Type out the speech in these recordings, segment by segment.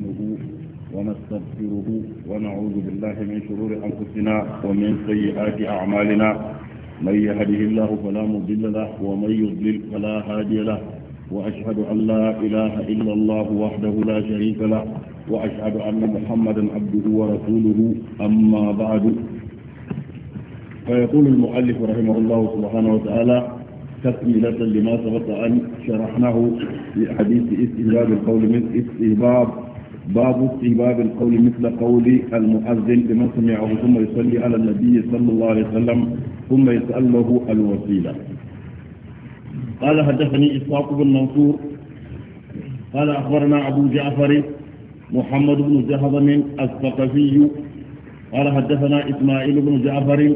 نستعينه ونستغفره ونعوذ بالله من شرور أنفسنا ومن سيئات أعمالنا من يهده الله فلا مضل له ومن يضلل فلا هادي له وأشهد أن لا إله إلا الله وحده لا شريك له وأشهد أن محمدا عبده ورسوله أما بعد فيقول المؤلف رحمه الله سبحانه وتعالى تكملة لما سبق أن شرحناه في حديث استجاب القول من استهباب باب استحباب القول مثل قول المؤذن لمن سمعه ثم يصلي على النبي صلى الله عليه وسلم ثم يسأل له الوسيلة قال حدثني إسحاق بن منصور قال أخبرنا أبو جعفر محمد بن جهضم الثقفي قال حدثنا إسماعيل بن جعفر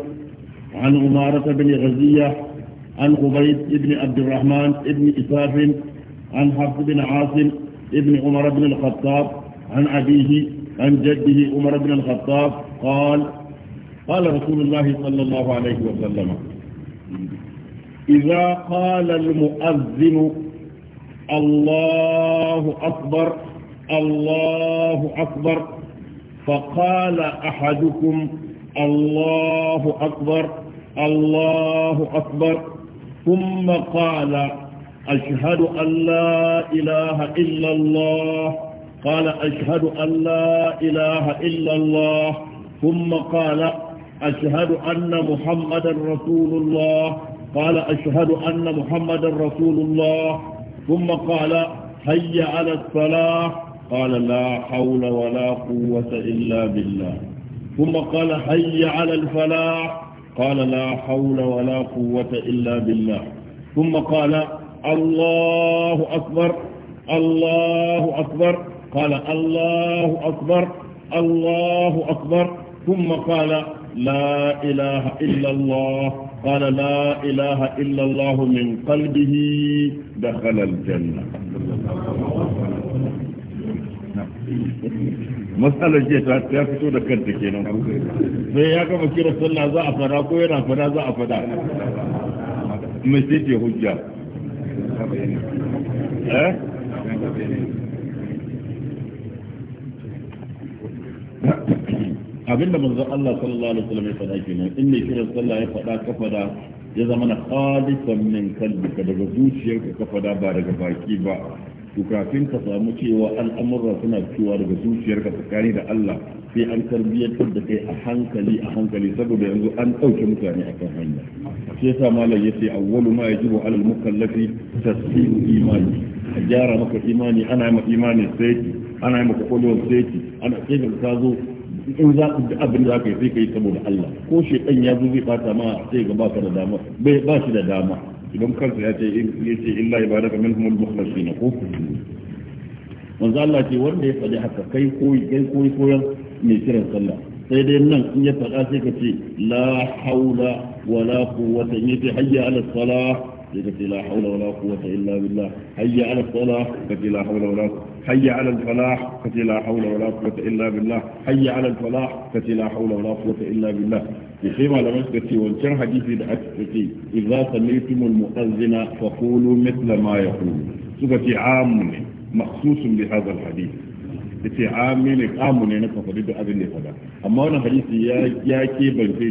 عن عمارة بن غزية عن عبيد بن عبد الرحمن بن إساف عن حفص بن عاصم بن عمر بن الخطاب عن أبيه عن جده عمر بن الخطاب قال قال رسول الله صلى الله عليه وسلم إذا قال المؤذن الله أكبر الله أكبر فقال أحدكم الله أكبر الله أكبر ثم قال أشهد أن لا إله إلا الله قال أشهد أن لا إله إلا الله ثم قال أشهد أن محمدا رسول الله قال أشهد أن محمدا رسول الله ثم قال هيا على الصلاة قال لا حول ولا قوة إلا بالله ثم قال هيا على الفلاح قال لا حول ولا قوة إلا بالله ثم قال الله أكبر الله أكبر قال الله أكبر الله أكبر ثم قال لا إله إلا الله قال لا إله إلا الله من قلبه دخل الجنة مسألة جيتا تيافتو دكنت كينا في ياكا مكي رسول الله زا أفدا كوينا فدا زا أفدا مسيتي حجة ها abinda manzon Allah sallallahu alaihi wasallam ya faɗa kenan in mai kiran sallah ya faɗa ka faɗa ya zama na khalisan min kalbika daga zuciyarka ka ba daga baki ba to kafin ka samu cewa al'amurra suna cewa daga zuciyarka tsakani da Allah sai an tarbiyyantar da kai a hankali a hankali saboda yanzu an ɗauke mutane a kan hanya sai sa malam ya ce awwalu ma yajibu alal mukallafi tasdiqu imani a gyara maka imani ana ma imani sai ana yi maka kwallon seki ana sai ka ka zo in za ku da abin za ka yi sai ka yi saboda Allah ko shi dan ya zo zai fata ma sai ga baka da dama bai ba shi da dama idan kansa ya ce in ya ce illa ibadaka minhum al-mukhlasin ko manzo Allah ce wanda ya faɗi haka kai ko kai ko koyan mai kiran sallah sai dai nan in ya faɗa sai ka ce la haula wala quwwata in yace hayya ala salah sai ka ce la haula wala quwwata illa billah hayya ala salah ka ce la haula wala quwwata حي على الفلاح فتي لا حول ولا قوة إلا بالله حي على الفلاح فتي لا حول ولا قوة إلا بالله يخيم على مسجد سيوان كان حديث الأسفتي إذا سميتم المؤذن فقولوا مثل ما يقول سوف تعامل مخصوص بهذا الحديث تعامل قامل نتفضل بأذن الفلاح أما أنا حديث يا, يا كيبا في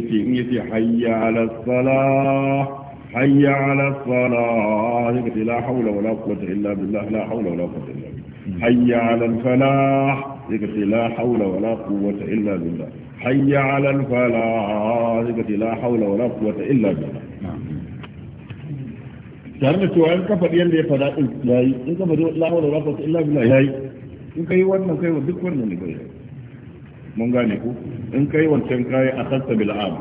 شيء حي على الصلاة حي على الصلاة لا حول ولا قوة إلا بالله لا حول ولا قوة إلا بالله حي على الفلاح ذكرت لا حول ولا قوة إلا بالله حي على الفلاح ذكرت لا حول ولا قوة إلا بالله كان نعم. السؤال كيف يلي فلا إلهي إن كما لا حول ولا قوة إلا بالله هاي إن كي ون كي ون ذكر من البيع من غانيكو إن كي ون تنكاي أخذت بالعام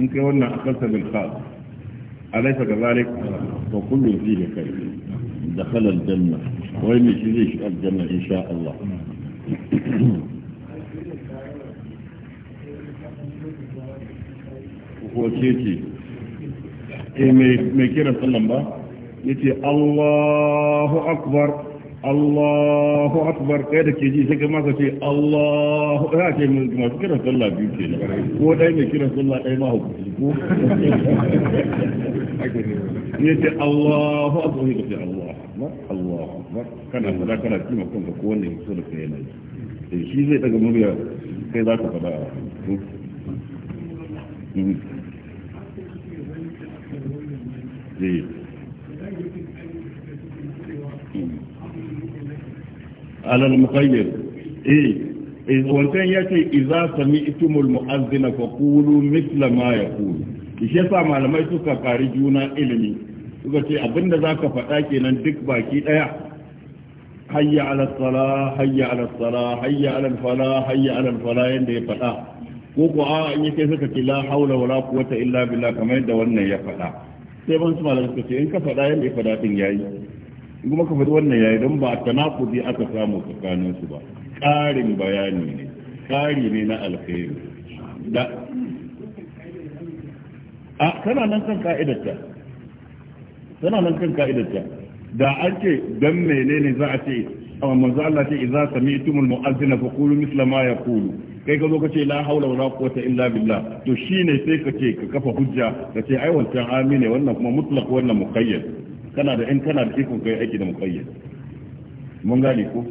إن كي ون أخذت بالخاص أليس كذلك فكل نعم. فيه خير دخل الجنة وين يجيش الجنة إن شاء الله وكيتي إيه مي كيرا سلم با يتي الله أكبر الله أكبر كده كيجي سكا ما تتي الله لا كي ما كيرا سلا بيوتي هو داي مي كيرا سلا أي ما هو يتي الله أكبر يتي الله akbar Allahu akbar kana fada kana kima kanka ko wanda ya so da kai yana yi eh, shi zai daga murya kai za ka fada hmm. eh. hmm. alal muqayyir eh, eh wancan ya ce iza sami itumul mu'azzina fa qulu mithla ma yaqulu shi yasa malamai suka kari juna ilimi suka ce abinda za ka faɗa kenan duk baki ɗaya hayya ala sala hayya ala sala hayya ala fala hayya ala fala yanda ya faɗa ko ko a in yake suka ce la haula wala quwwata illa billah kamar yadda wannan ya faɗa sai ban su malamai suka ce in ka faɗa yadda ya faɗa din yayi in kuma ka faɗi wannan yayi don ba a tanakudi aka samu tsakanin su ba ƙarin bayani ne ƙari ne na alkhairi da a kana nan kan ka'idarta tana nan kan ka'idar ta da an ce dan menene za a ce amma manzo Allah ce idza sami'tumul mu'azzina faqulu misla ma yaqulu kai ka zo ka ce la haula wala quwwata illa billah to shine sai ka ce ka kafa hujja ka ce ai wancan amine wannan kuma mutlaq wannan muqayyad kana da in kana da ikon kai aiki da muqayyad mun gane ko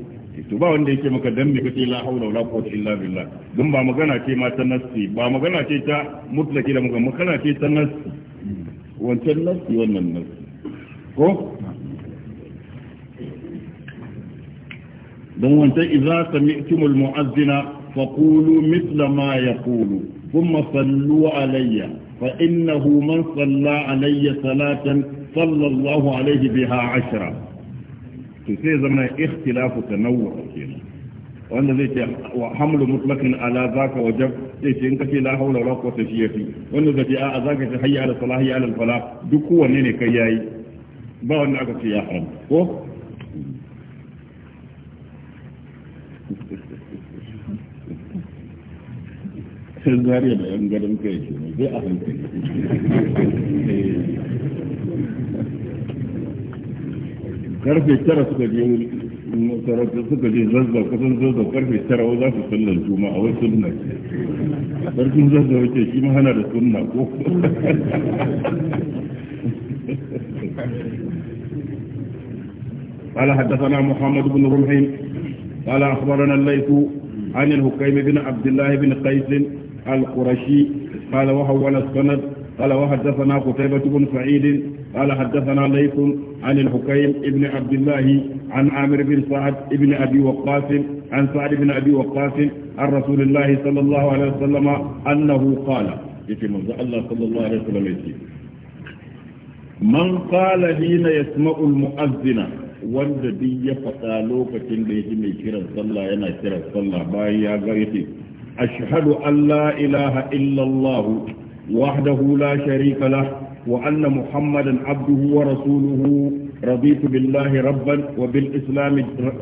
to ba wanda yake maka dan me kace la haula wala quwwata illa billah dun ba magana ce ma ta nasi ba magana ce ta mutlaki da muka magana ce ta nasi wancan nasi wannan nasi. ko don wancan idza sami'tumul mu'azzina kulu mithla ma kulu thumma sallu alayya fa innahu man salla alayya salatan sallallahu alayhi biha ashira to sai zama ikhtilafu tanawwu kenan wanda zai ce wa hamlu mutlaqin ala zaka wajab zai ce in kace la haula wala quwwata shi yafi wanda zai ce a'a zaka ce hayya ala salah hayya ala falah duk wanne ne kai yayi ba wanda aka ce ya haram ko sai zariya da yan gadon kai ke ne zai a hankali karfe tara suka je masarauta suka je zazza kusan zazza karfe tara wa za su sallar juma a wasu suna ce sarkin zazza ce shi ma hana da sunna ko قال حدثنا محمد بن رمح قال أخبرنا الليث عن الهكيم بن عبد الله بن قيس القرشي قال وحول السند قال وحدثنا قتيبة بن سعيد قال حدثنا ليث عن الحكيم ابن عبد الله عن عامر بن سعد ابن أبي وقاص عن سعد بن أبي وقاص عن رسول الله صلى الله عليه وسلم أنه قال يتي منذ الله صلى الله عليه وسلم يتي من قال حين يسمع المؤذن wanda duk ya faɗa lokacin da ya ji mai kiran sallah yana kiran sallah bayan ya ga yace ashhadu an la ilaha illallah wahdahu la sharika lah wa anna muhammadan abduhu wa rasuluhu رضيت بالله ربا وبالإسلام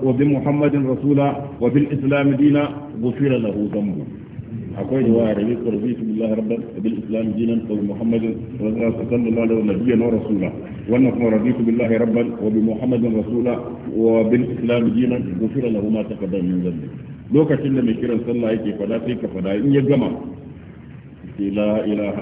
وبمحمد رسولا وبالإسلام دينا غفر له ذنبه akwai riwaya da yake rubi su billahi rabban bil islam dinan wa muhammadin sallallahu alaihi wa nabiyyan wa rasula wannan kuma billahi wa bi muhammadin rasula wa bil islam dinan gufira lahu ma taqaddama min dhanbi lokacin da mai kiran sallah yake fada sai ka fada in ya gama لا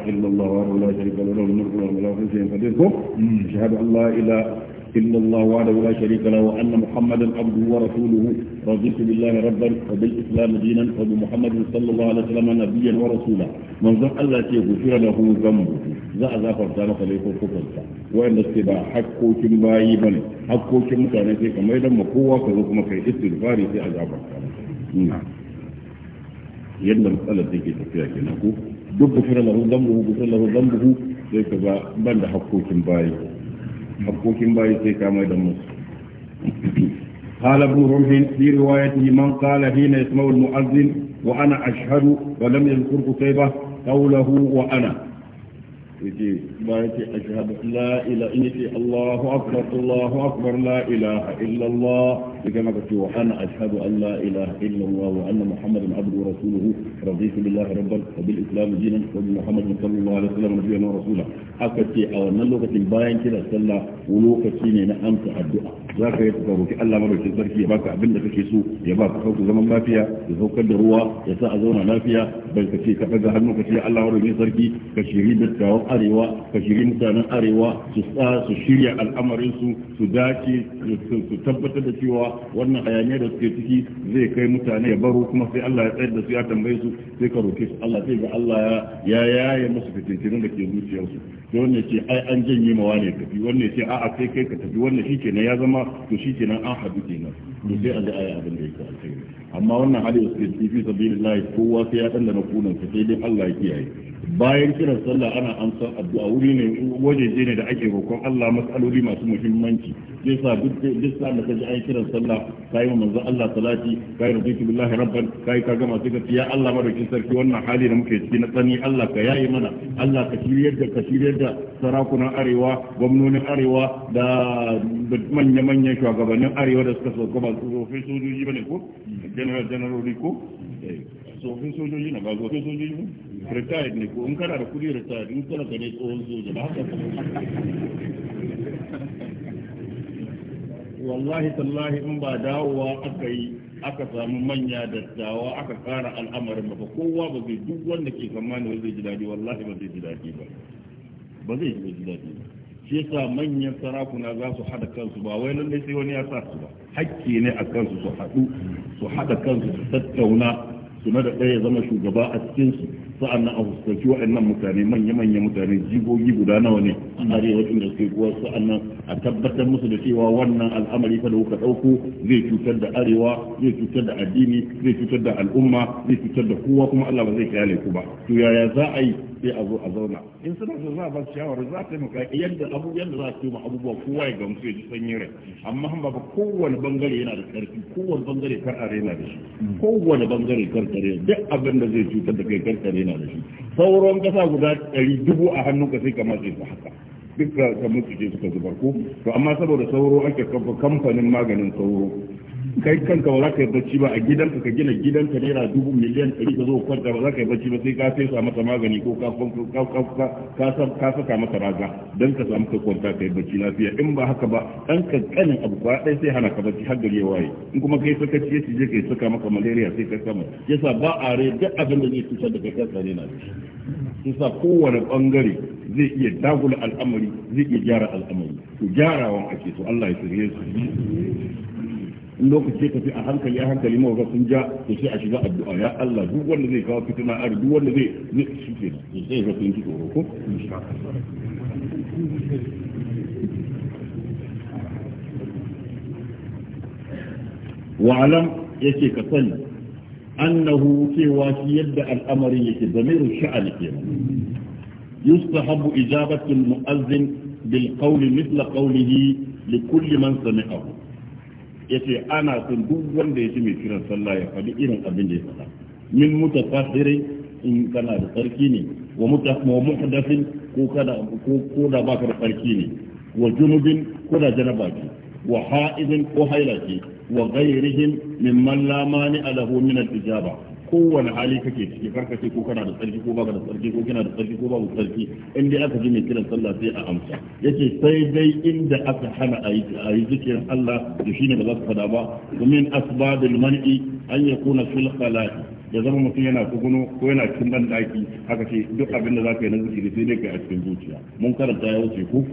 إلا الله وحده لا شريك له وأن محمدا عبده ورسوله رضيت بالله ربا وبالإسلام دينا وبمحمد صلى الله عليه وسلم نبيا ورسولا من ذا الله يغفر له ذنبه ذا ذا فرزانا خليك وكفرتا وإن السباع حقو كمباي بل حقو كمتانا فيك ميدا مقوة كذوكما في استغفاري في عذاب نعم yadda matsalar da ke tafiya kenan ko duk gufira lahu dambuhu gufira lahu dambuhu sai ka ga ban da hakkokin bayi حقوقين باي سي كما يدمس قال ابن رمح في روايته من قال حين يسمع المؤذن وأنا أشهد ولم يذكر قتيبة قوله وأنا yake bayan ce ashhadu la ila illa ce Allahu akbar Allahu akbar la ilaha illa Allah daga maka cewa ana ashhadu an la ilaha illa Allah wa anna Muhammadan abduhu wa rasuluhu raditu billahi rabban wa bil islam dinan wa bi Muhammadin sallallahu alaihi wasallam nabiyyan wa rasula haka ce a wannan lokacin bayan kira sallah lokaci ne na amsa addu'a zaka yi ka roki Allah madaukakin sarki ya baka abin da kake so ya baka sauku zaman lafiya ya saukar da ruwa ya sa a zauna lafiya bai ka ce ka daga hannu ka ce Allah madaukakin sarki ka shiri da arewa ka shiri mutanen arewa su su shirya al'amarinsu su dace su tabbatar da cewa wannan hayaniya da suke ciki zai kai mutane ya baro kuma sai Allah ya tsayar da su ya tambaye su sai ka roke su Allah sai ga Allah ya yaye musu fitintirin da ke zuciyarsu sai wannan ce ai an janye mawa ne tafi wannan ce a'a sai kai ka tafi wannan shikenan ya zama to shikenan an haɗu kenan to sai a ga ai abin da yake alkhairi amma wannan hadisi fi sabilillah kowa sai ya dandana kunan sai dai Allah ya kiyaye bayan kiran sallah ana amsa addu'a wuri ne wajeje ne da ake roƙon Allah matsaloli masu muhimmanci zai sa duk duk sa da kaje ayi kiran sallah kai mu manzo Allah salati kai rabbi billahi rabban kai ka gama sai ya Allah madaukin sarki wannan hali da muke ciki na tsani Allah ka yayi mana Allah ka tiriyar da ka tiriyar da sarakunan arewa gwamnonin arewa da manya manyan shugabannin arewa da suka sauka ba su sojoji bane ko general general ko eh. tsofin sojoji na ba tsofin sojoji ne retired ne ko in kana da kudi retired in kana ne tsohon soja ba haka wallahi tallahi in ba dawowa aka yi aka samu manya da dawa aka kara al'amarin ba kowa ba zai duk wanda ke tsammani zai ji daɗi wallahi ba zai ji daɗi ba ba zai ji daɗi ba shi yasa manyan sarakuna za su haɗa kansu ba wai lallai sai wani ya sa su ba hakki ne a kansu su haɗu su haɗa kansu su tattauna su na da ɗaya zama shugaba a cikin su sa'an nan a fuskanci waɗannan mutane manya-manya mutane jigogi guda nawa ne arewacin da suke kuwa sa'an nan a tabbatar musu da cewa wannan al'amari fa da kuka ɗauko zai cutar da arewa zai cutar da addini zai cutar da al'umma zai cutar da kowa kuma Allah ba zai kyale ku ba to yaya za a yi sai a zo a zauna in suna so za a ba shawara za ta maka yadda abu yadda za su ma abubuwa kowa ya gamsu ya ji sanyin rai amma han ba kowane bangare yana da karfi kowane bangare kar a da shi kowane bangare kar ka duk abin da zai cutar da kai kar ka rena da shi sauran kasa guda ɗari dubu a hannunka sai kamar matse su haka duk ka mutu suka zubar ko to amma saboda sauro ake kamfanin maganin sauro kai kanka ba za ka yi bacci ba a gidanka ka gina gidanka naira dubu miliyan ɗari ka zo kwanta ba za ka yi bacci ba sai ka sai sa masa magani ko ka saka masa raga don ka samu ka kwanta ka yi bacci lafiya in ba haka ba ɗan kankanin abu ba ɗaya sai hana ka bacci har gari ya waye in kuma kai saka ciye ce kai saka maka malaria sai ka sama yasa ba a rai duk abin da zai cutar da kai kansa ne na yasa kowane bangare zai iya dagula al'amari zai iya gyara al'amari to gyarawan ake so Allah ya tsire su lokaci ka fi a hankali a hankali ma wasu sun ja da shi a shiga addu'a ya Allah duk wanda zai kawo fitina a duk wanda zai ne shi ke sai zai sun ji tsoro ko wa'alam ya ce ka sani annahu cewa shi yadda al'amarin yake zamirin sha'ani kenan yustahabu ijabatul mu'azzin bil qawli mithla qawlihi li kulli man sami'ahu yace ana son duk wanda ya ci mai kiran sallah ya faɗi irin abin da ya faɗa min mutatahirin in kana da sarki ne wa muhdathin ko kada ko ko da baka da sarki ne wa junubin ko da janaba ce wa ha'idin ko haila ce wa ghairihim mimman la mani alahu min al-ijaba kowane hali kake ciki karka ce ko kana da tsarki ko baka da tsarki ko kina da tsarki ko babu tsarki in dai aka ji mai kiran sallah sai a amsa yace sai dai inda aka hana a yi zikirin Allah to shine ba za ka fada ba min asbabil man'i an yakuna fil qala'i ya zama mutum yana kuguno ko yana cikin ban haka ce duk abin da zaka yi na zikiri sai dai kai a cikin zuciya mun karanta ya wuce ku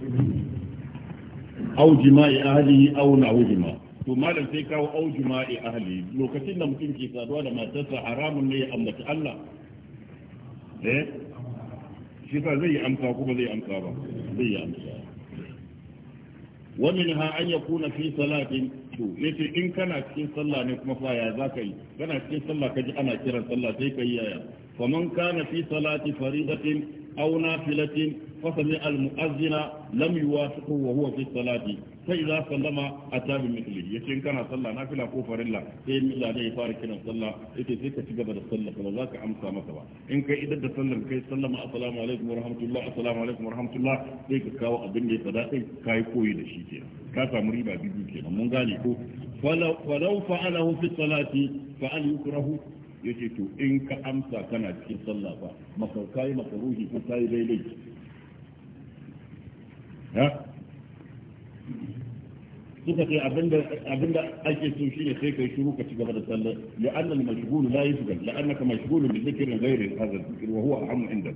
au jima'i ahlihi au na'u jima'i to malam sai kawo au juma'i ahli lokacin da mutum ke saduwa da matarsa haramun ne ya ambaci Allah eh shi fa zai amsa kuma zai amsa ba zai amsa wa minha an yakuna fi salatin to yace in kana cikin sallah ne kuma fa ya zaka yi kana cikin sallah kaji ana kiran sallah sai kai yaya faman kana fi salati faridatin aw nafilatin فسمع المؤذن لم يوافقه وهو في الصلاة فإذا سلم أتى بمثله يشين كان صلى نافلة كفر الله سيد ملا ده يفارق كنا صلى إذا سيكا تقبل الصلاة فلذاك أمسى مثلا إن كي إذا سلم كي سلم السلام عليكم ورحمة الله السلام عليكم ورحمة الله سيكا كاو أبن لي صداقي كاي كوي لشي كنا كاسا مريبا بيجي كنا من قال فلو, فلو فعله في الصلاة فعل يكره yace to in ka amsa kana cikin sallah ba masaukai makaruhi ko kai daidai ya suka ce abinda ake so shine sai kai shiru ka ci gaba da sallar ya annal mashghul la yusgal la annaka mashghul bi dhikrin ghayri hadha dhikr wa huwa inda indak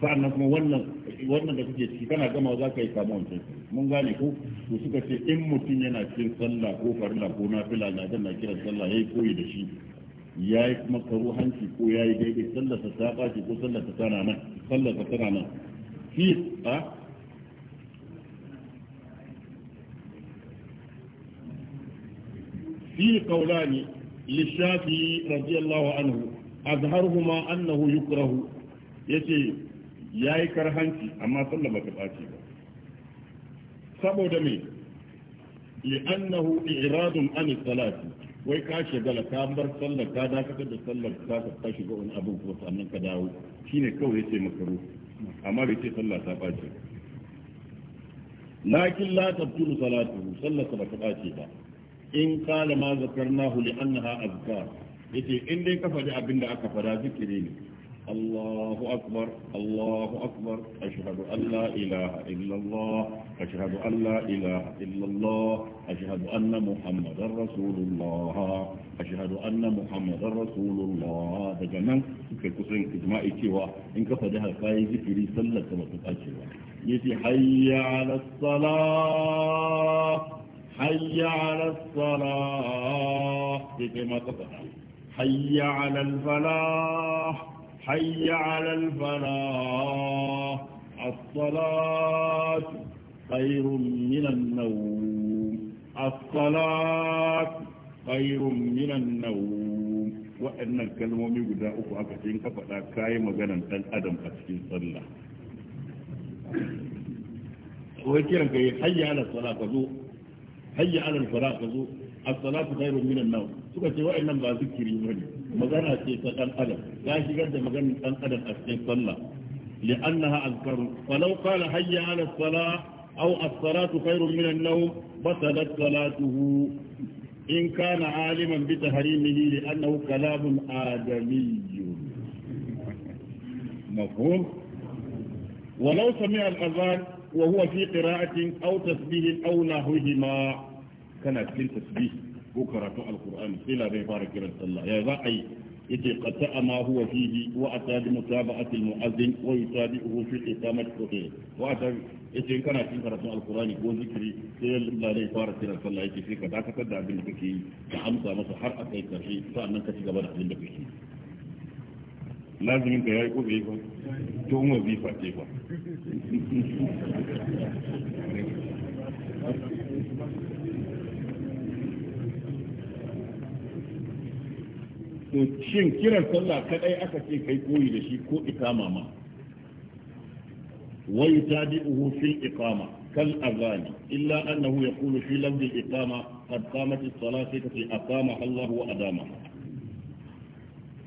sa'annan kuma wannan wannan da kuke ciki kana gama za ka yi samu wancan mun gane ko to suka ce in mutum yana cikin sallah ko farilla ko nafila na dan na kiran sallah yayi koyi da shi ya yi kuma hanci ko ya yi daidai sallar ta ta ko sallar ta tana nan sallar ta tana nan fi a فيه قولان للشافعي رضي الله عنه أظهرهما أنه يكره يتي ياي كرهنتي أما صلى ما تبعتي saboda me li'annahu i'radun an salati wai ka shagala ka bar sallar ka dakatar da sallar ka ka shiga wani abin ko sannan ka dawo shine kawai yace makaru amma bai ce sallah ta salatu sallar ba in kala ma zakarnahu li annaha azkar yace in dai ka faɗi abinda aka faɗa zikiri ne Allahu akbar Allahu akbar ashhadu an la ilaha illa Allah ashhadu an la ilaha illa Allah ashhadu anna muhammadar rasulullah ashhadu anna muhammadar daga nan suka kusan ijma'i cewa in ka faɗi haka zikiri sallar ka ba ta kace ba yace حي على الصلاة كما تقرأ حي على الفلاح حي على الفلاح الصلاة خير من النوم الصلاة خير من النوم وأن الكلمة يقول أكو أكتين كفتا كايمة مغانا أن أدم أتكين صلى وكيرا كي حي على الصلاة فزوء hayya alal fara ka zo as-salatu khairun min an suka ce wa'annan ba zikiri bane magana ce ta dan adam ya shigar da maganar dan adam a cikin sallah li'annaha azkaru falau qala hayya ala as-salah aw as-salatu khairun min an-nawm batalat salatuhu in kana aliman bi tahrimihi li'annahu kalamun adamiyyun مفهوم ولو سمع الأذان وهو في قراءة أو تسبيح أو نحوهما kana cikin tasbih ko karatu al'kur'ani sai labai fara kiran sallah ya za a yi yace qata'a ma huwa fihi wa ata bi mutaba'ati almu'azzin wa yutabi'uhu fi iqamati qati wa ata yace kana cikin karatu al'kur'ani ko zikiri sai labai fara kiran sallah yace sai ka dakatar da abin da kake yi ka amsa masa har a kai karshe sa'annan ka ci gaba da abin da kake yi lazimin ka yayi ko bai ba to mu bi fa ce ba to shin kiran sallah kadai aka ce kai koyi da shi ko ikama ma Wai ta bi yutabi'uhu fil ikama kal azani illa annahu yaqulu fi lafzi al iqama qad qamat as salatu fi aqama Allah wa adama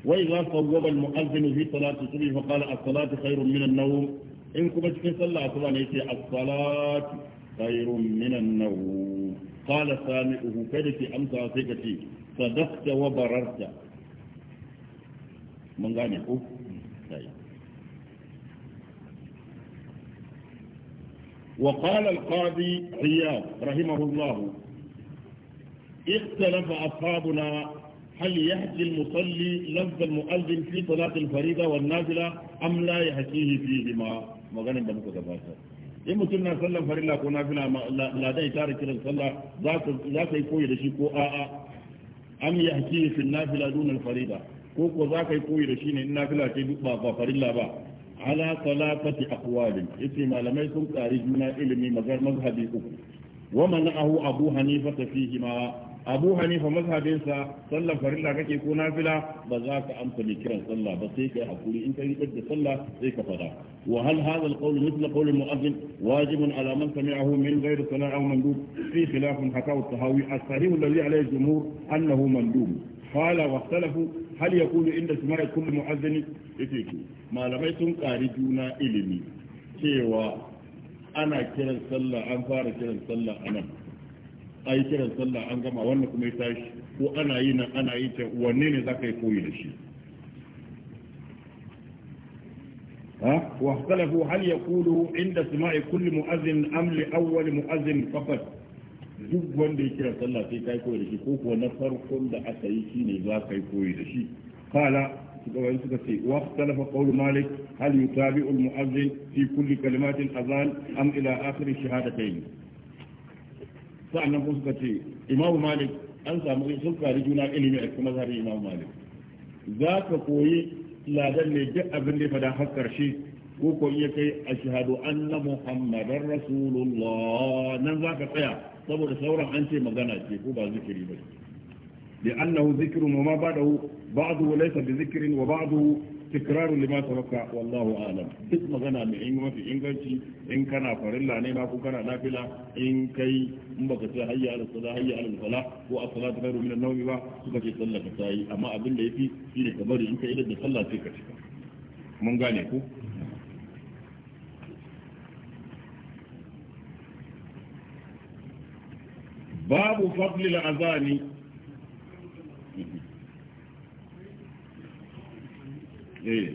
Wai za ka sawwaba al mu'adhdhin fi salati subhi fa qala as salatu khairun min an nawm in kuma cikin sallah kuma ne yake as salatu khairun min an nawm qala sami'uhu kada ki amsa sai ka ce sadaqta wa bararta mun gane ko وقال القاضي عياض رحمه الله اختلف أصحابنا هل يحكي المصلي لفظ المؤذن في صلاة الفريضة والنازلة أم لا يحكيه فيهما مغانا دمك دباسة in mutum na sallan farilla ko nafila ladai ta da kiran sallah za ka yi koyi da shi ko a'a am yahki fi nafila dunal farida ko ko za ka yi koyi da shi ne in fila ce duk ba farilla ba ala salatati aqwalin yace malamai sun kari juna ilimi magar mazhabi uku wa mana'ahu abu hanifa fihi ma abu hanifa mazhabin sa sallar farilla kake ko nafila ba za ka amsa ne kiran sallah ba sai kai hakuri in ka yi da sallah sai ka fada wa hal hadha alqawl mithla qawl mu'adhdhin wajibun ala man sami'ahu min ghayri sana'a aw mandub fi khilaf hakaw at-tahawi as-sahih alladhi alayhi jumhur annahu mandub قال واختلفوا hal ya kulu inda su mara kullum mu'azzini yake ku malamai sun ƙari juna ilimi cewa ana kiran sallah an fara kiran sallah a nan a yi kiran sallah an gama wannan kuma ya tashi ko ana yi nan ana yi ta wanne ne za ka yi koyi da shi ya هل inda su سماع kullum مؤذن أم لأول مؤذن فقط duk wanda ya kira sallah sai kai koyi da shi ko kuwa na farkon da aka yi shine za ka yi koyi da shi kala suka wani suka ce wa ikhtalafa qawlu malik hal yutabi'u al-mu'adhdhin fi kulli kalimatin azan am ila akhir shahadatayn sa'annan kuma suka ce imamu malik an samu sun kari juna ilimi a cikin mazharin imamu malik za ka koyi ladan ne duk abin da ya fada har karshe ko ko iya kai ashhadu anna muhammadar rasulullah nan za ka tsaya saboda sauran an ce magana ce ko ba zikiri ba li annahu zikru wa ma ba'dahu ba'du wa laysa bi zikrin a'lam duk magana mai in mafi inganci in kana farilla ne ko kana nafila in kai in baka ce hayya ala salat hayya ala salat ko a salat gairu min an ba suka ce sallah ka sai amma abin da yafi shine kamar in kai da sallah sai ka ci mun gane ku babu fadlil azani eh.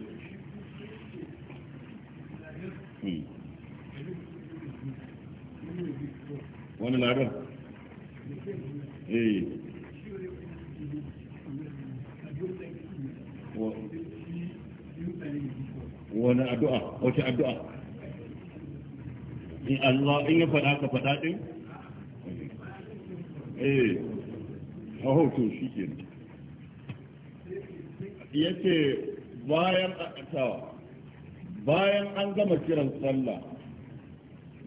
hmm. wani labar eh wani in Allah in ya faɗa ka eh a hoto shi ke ya ce bayan bayan an gama kiran sallah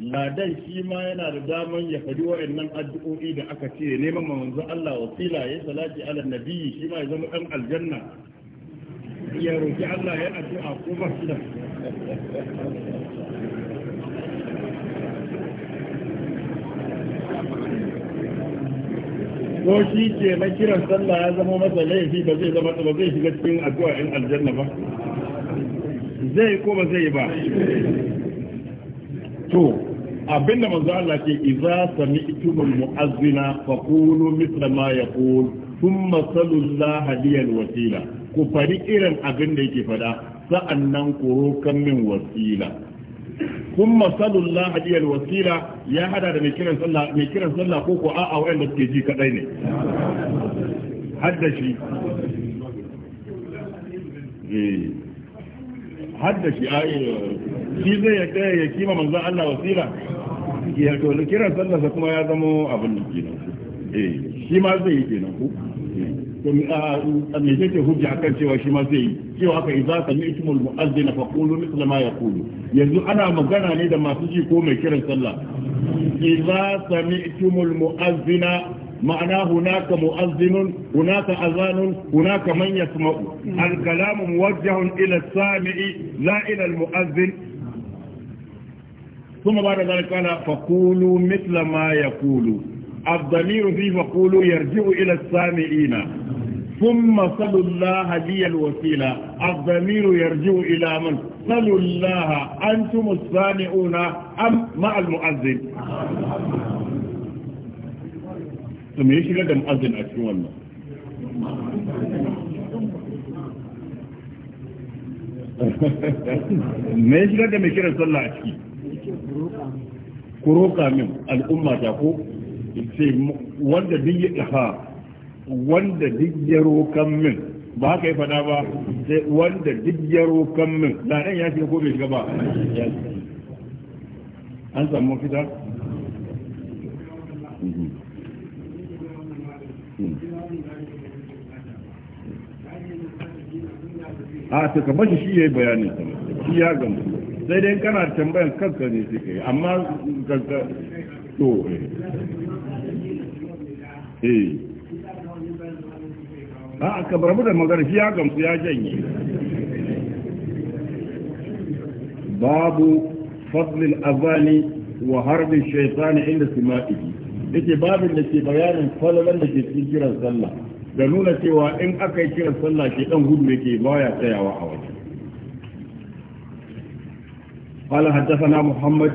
ladan shi ma yana da daman ya faɗi wa'annan addu'o'i da aka ce neman manzo Allah wasila ya salati ala nabi shi ma ya zama dan aljanna ya roki Allah ya addu'a ko ba shi da ko shi ke na kiran sallah ya zama masa laifi ba zai zama ba zai shiga cikin addu'a in aljanna ba zai ko ba zai ba to abinda manzo Allah ke idza sami'tumul mu'azzina faqulu mithla ma yaqul thumma sallu Allah hadiyal wasila ku fari irin abinda yake fada sa'annan ku rokan min wasila kuma sallallahu alaihi wasila ya hada da mai kiran sallah mai kiran sallah ko ko a'a wanda suke ji kadai ne haddashi eh haddashi ai shi zai ya kai ya kima manzon Allah wasila ya to kiran sallah kuma ya zamo abin kenan eh shi ma zai yi kenan ko me yake hujja a kan cewa shi ma zai yi cewa haka idza sami'tumul mu'adhdhin fa qulu mithla ma yaqulu yanzu ana magana ne da masu ji ko mai kiran sallah sami idza sami'tumul mu'adhdhina ma'ana hunaka mu'adhdhin hunaka azanun hunaka man yasma'u al-kalamu muwajjahun ila as-sami'i la ila al-mu'adhdhin ثم بعد ذلك قال فقولوا مثل ما يقولوا الضمير في مقول يرجع إلى السامعين ثم صلوا الله لي الوسيلة الضمير يرجع إلى من صلوا الله أنتم السامعون أم مع المؤذن ثم يشي لدى مؤذن أشهر والله ما shigar da mai kiran sallah a ciki ku roƙa ce wanda duk ya ɗaha wanda duk ya rokan min ba haka ya faɗa ba sai wanda duk ya rokan min da ɗan ya shiga ko bai shiga ba an samu fita mm-hmm. mm-hmm. a ta kamar shi ya yi bayani shi ya gamsu sai dai kana tambayan kanka ne suke amma kanka to eh. eh a ah, ka rabu da magana shi ya gamsu ya janye babu fadlil azani wa harbin shaitani inda sima'i yake babin da ke bayanin falalan da ke cikin kiran sallah da nuna cewa in aka yi kiran sallah shi dan gudu yake baya tsayawa a waje قال حدثنا محمد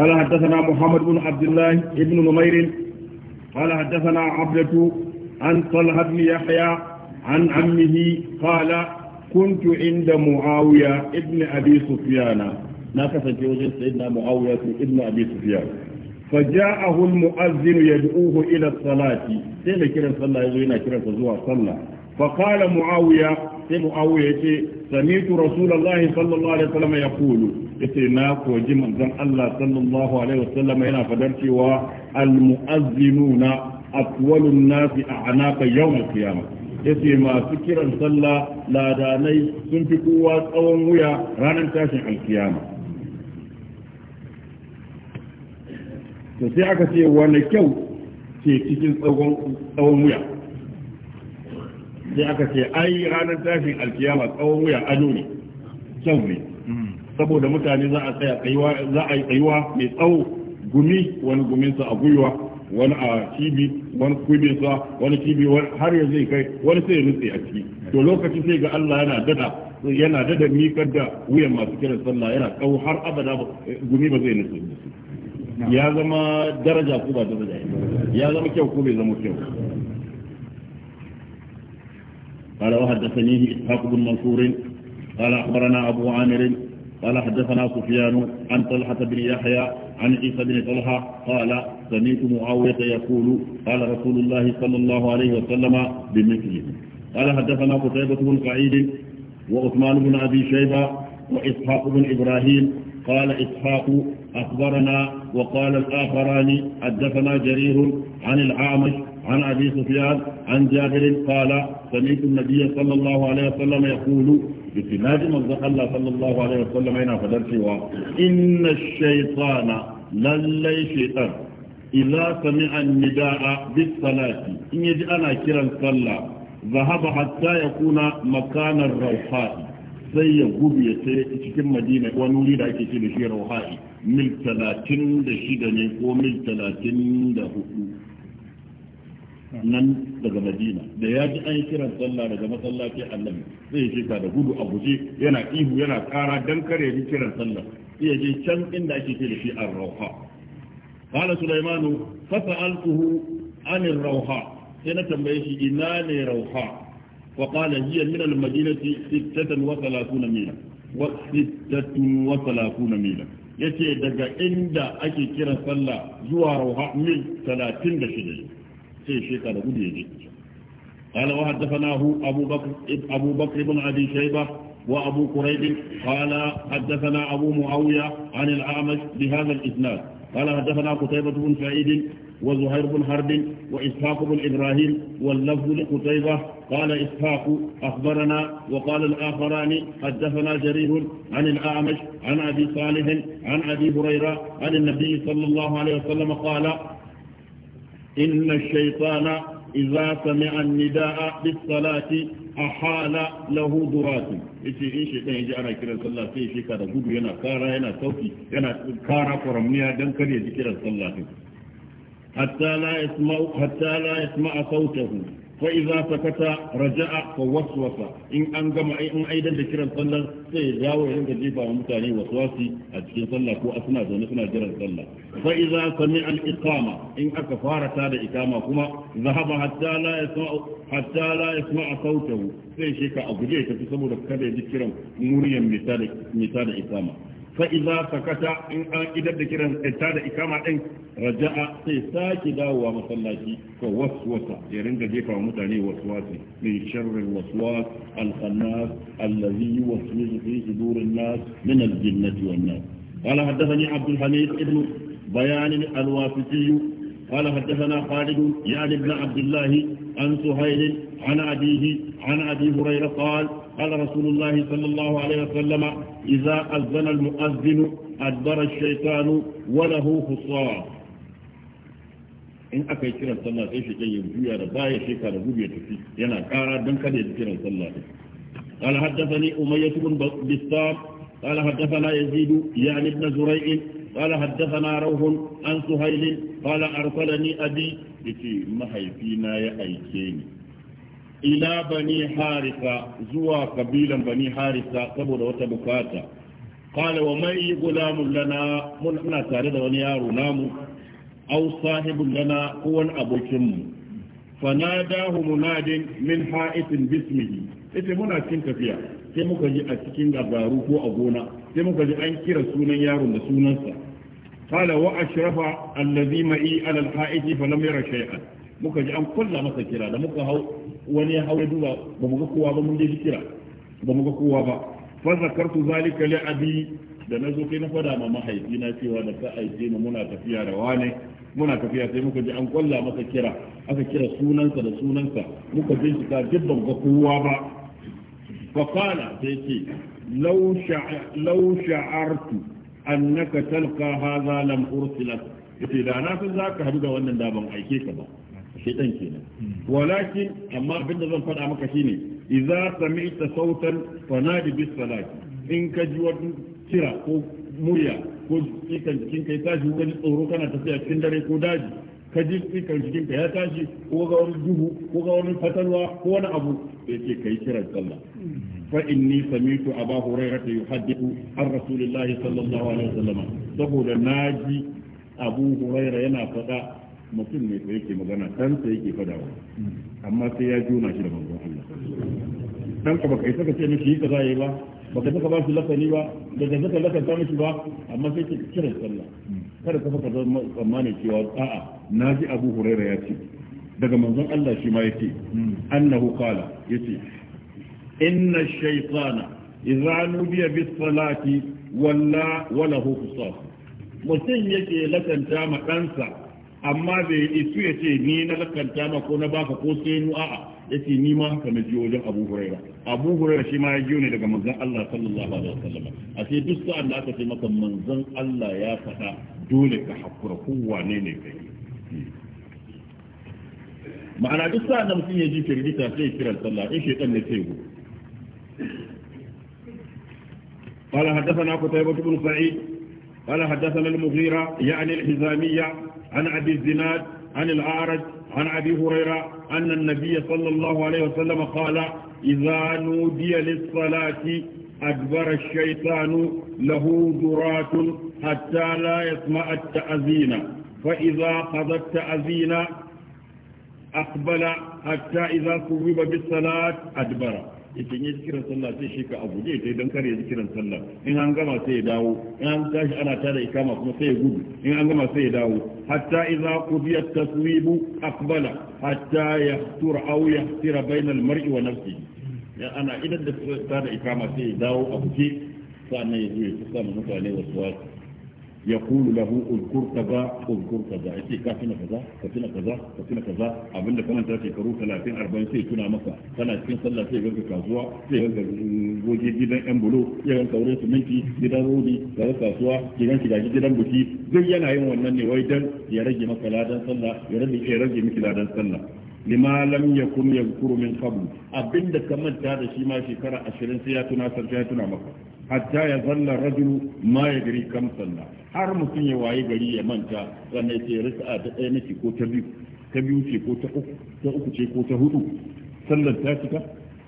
قال حدثنا محمد بن عبد الله بن نمير قال حدثنا عبدة عن طلحة بن يحيى عن عمه قال كنت عند معاوية ابن أبي سفيان ناقصة وجه سيدنا معاوية ابن أبي سفيان فجاءه المؤذن يدعوه إلى الصلاة سيدنا كرا صلى يزوينا كرا فزوى صلى فقال معاوية سيما معاوية سمعت رسول الله صلى الله عليه وسلم يقول yace na koji manzon Allah sallallahu alaihi wasallam yana fadar cewa almu'azzinuna aqwalun nasi a'naqa yawm al-qiyamah yace masu kiran sallah ladanai sun fi kowa tsawon wuya ranar tashin alkiyama to sai aka ce wani kyau ke cikin tsawon wuya sai aka ce ai ranar tashin alkiyama tsawon wuya ado ne kyau ne saboda mutane za a tsaya kaiwa za a yi tsayuwa mai tsawo gumi wani guminsa a gwiwa wani a cibi wani kubinsa wani cibi har ya zai kai wani sai ya nutse a ciki to lokaci sai ga Allah yana dada yana dada mikar da wuyan masu kiran sallah yana tsawo har abada gumi ba zai nutse ya zama daraja ko ba daraja ya zama kyau ko bai zama kyau قال وحدثني إسحاق بن منصور قال أخبرنا أبو عامر قال حدثنا سفيان عن طلحة بن يحيى عن عيسى بن طلحة قال سمعت معاوية يقول قال رسول الله صلى الله عليه وسلم بمثله قال حدثنا قتيبة بن قعيد وعثمان بن أبي شيبة وإسحاق بن إبراهيم قال إسحاق أخبرنا وقال الآخران حدثنا جرير عن العامش عن أبي سفيان عن جابر قال سمعت النبي صلى الله عليه وسلم يقول yace na ji manzon Allah sallallahu alaihi wasallam yana fadar cewa inna shaytana lallai shaytan idza sami'a an-nida'a bis salati in yaji ana kiran sallah zahaba hatta yakuna makanar rauha'i sai ya gudu ya ce cikin madina wani wuri da ake ce da shi rauha'i mil talatin da shida ne ko mil talatin da hudu nan daga madina da ya ji an yi kiran sallah daga masallaci annabi zai je da gudu a guje yana ihu yana kara dan kare ji kiran sallah iya je can inda ake ce da shi rauha qala sulaimanu fa sa'altuhu an rauha sai na tambaye shi ina ne rauha wa qala hiya min al-madinati 36 mila wa 36 mila yace daga inda ake kiran sallah zuwa rauha mil 36 قال وحدثناه أبو بكر أبو بكر بن أبي شيبة وأبو قريب قال حدثنا أبو معاوية عن الأعمش بهذا الإسناد قال حدثنا قتيبة بن سعيد وزهير بن حرب وإسحاق بن إبراهيم واللفظ لقتيبة قال إسحاق أخبرنا وقال الآخران حدثنا جرير عن الأعمش عن أبي صالح عن أبي هريرة عن النبي صلى الله عليه وسلم قال إن الشيطان إذا سمع النداء بالصلاة أحال له درات yace in shaitan ya ji ana kiran sallah sai shi da gudu yana kara yana sauki yana kara kwaramniya dan kar ya ji kiran sallah din hatta la yasma'u sautahu fa'iza sakata rajada waswasa in an gama aiki an aidar da kiran sallah sai dawo ya yanka jefa wa mutane waswasa a cikin sallah ko asuna zaune suna jiran sallah fa'iza tsakanin al'ikama in aka fara ta da ikama kuma zahaba haddala ya kuma a sautaru zai sheka a gujiya tafi saboda kada ya bi kiran wurin ya me ta da ikama. فإذا سكت إذا ذكر إرتاد إقامة رجاء سيساك داوى مصلاتي فوسوسة يرند جيفا ومتاني وسواسي من شر الوسواس الخناس الذي يوسوس في صدور الناس من الجنة والناس قال حدثني عبد الحميد ابن بيان الواسطي قال حدثنا خالد يعني ابن عبد الله عن سهيل عن أبيه عن أبي هريرة قال قال رسول الله صلى الله عليه وسلم إذا أذن المؤذن أدبر الشيطان وله خصار in aka kiran sallah sai shi kan da baya shekara gudu ya tafi yana kara dan kada ya kiran sallah din qala haddathani umayyah ibn bistam qala haddathana yazid ya ibn zurayq qala haddathana rawh an suhayl qala arsalani abi yace mahaifina ya aike ni ila bani harisa zuwa kabilan bani harisa saboda wata bukata qala wa mai gulamun lana muna tare da wani yaro namu aw sahibun lana ko wani abokin mu fanadahu munadin min ha'itin bismihi ita muna cin tafiya sai muka ji a cikin gabaru ko a gona sai muka ji an kira sunan yaron da sunansa qala wa ashrafa allazi ma'i ala al-ha'iti falam yara shay'an muka ji an kulla masa kira da muka hau wani ya hau ya duba ba mu ga kowa ba mun je kira ba mu ga kowa ba fa zakartu zalika li abi da na zo kai na fada ma mahaifi na cewa da ka aike mu muna tafiya da wane muna tafiya sai muka ji an kulla masa kira aka kira sunansa da sunansa muka bincika duk ka mu ga kowa ba fa qala sai ce law sha'a law sha'artu annaka talqa hadha lam ursilak yace da na san zaka hadu da wannan da ban aike ka ba shaitan kenan hmm. walakin amma abin da zan faɗa maka shine idza sami'ta sautan fanadi bis salati in ka ji wani kira ko murya ko jikin jikin kai tashi ko wani tsoro kana tafiya cikin dare ko daji ka ji jikin jikin ka ya tashi ko ga wani duhu ko ga wani fatalwa ko wani abu sai ce kai kiran sallah فإني سمعت أبا هريرة يحدث عن رسول الله صلى الله عليه وسلم سبب ناجي abu هريرة yana فقا mutum ne sai yake magana dan sai yake fadawa amma sai ya juna shi da manzon Allah dan ka baka isa ka ce miki kaza yayi ba baka saka ba shi lafani ba daga saka lakan ta miki ba amma sai ki kira sallah kada ka saka tsammanin cewa a'a naji Abu Hurairah ya ce daga manzon Allah shi ma yake annahu qala yace inna shaytana idza nudiya bis salati walla walahu qisas mutum yake lakanta ma sa amma bai isu ya ce ni na lakanta ma ko na baka ko sai nu a'a yace ni ma haka na ji wajen Abu Huraira Abu Huraira shi ma ya ji ne daga manzon Allah sallallahu alaihi wasallam a sai duk sa'an da aka ce maka manzon Allah ya faɗa dole ka hakura kowa ne ne kai ma'ana duk sa'an da mutum ya ji firgita sai kiran sallah in shedan ne sai go قال حدثنا قتيبة بن سعيد قال حدثنا المغيرة يعني الحزامية عن أبي الزناد عن الأعرج عن أبي هريرة أن النبي صلى الله عليه وسلم قال إذا نودي للصلاة أدبر الشيطان له ذرات حتى لا يسمع التأذين فإذا قضى التأذين أقبل حتى إذا صوب بالصلاة أدبر idan ya yi kiran sallah sai shi ka abu zai sai dan kare ya kiran sallah in an gama sai ya dawo in an tashi ana tada ikama kuma sai ya gudu in an gama sai ya dawo hatta idza qudiyat taswibu aqbala hatta yahtur aw yahtir bayna al-mar'i wa nafsihi ya ana idan da tada ikama sai ya dawo a sai ne ya zo ya tsama mutane wasu wasu يقول له اذكر كذا اذكر كذا يتي كاتنا كذا كاتنا كذا كاتنا كذا abin da kana tace karo 30 40 sai tuna maka kana cikin sallah sai ganka kasuwa sai ganka gidan yan bulo sai ganka wurin siminti gidan rodi da kasuwa ki ganki gaji gidan buki duk yana yin wannan ne wai dan ya rage maka ladan sallah ya rage ya rage miki ladan sallah lima lam yakun yadhkuru min abinda ka manta da shi ma shekara 20 sai ya tuna sai ya tuna maka hatta ya zalla rajulu ma kam sallah har mutum ya waye gari ya manta sannan ya ce raka'a ta ɗaya nake ko ta biyu ta biyu ce ko ta uku ce ko ta hudu sallar ta cika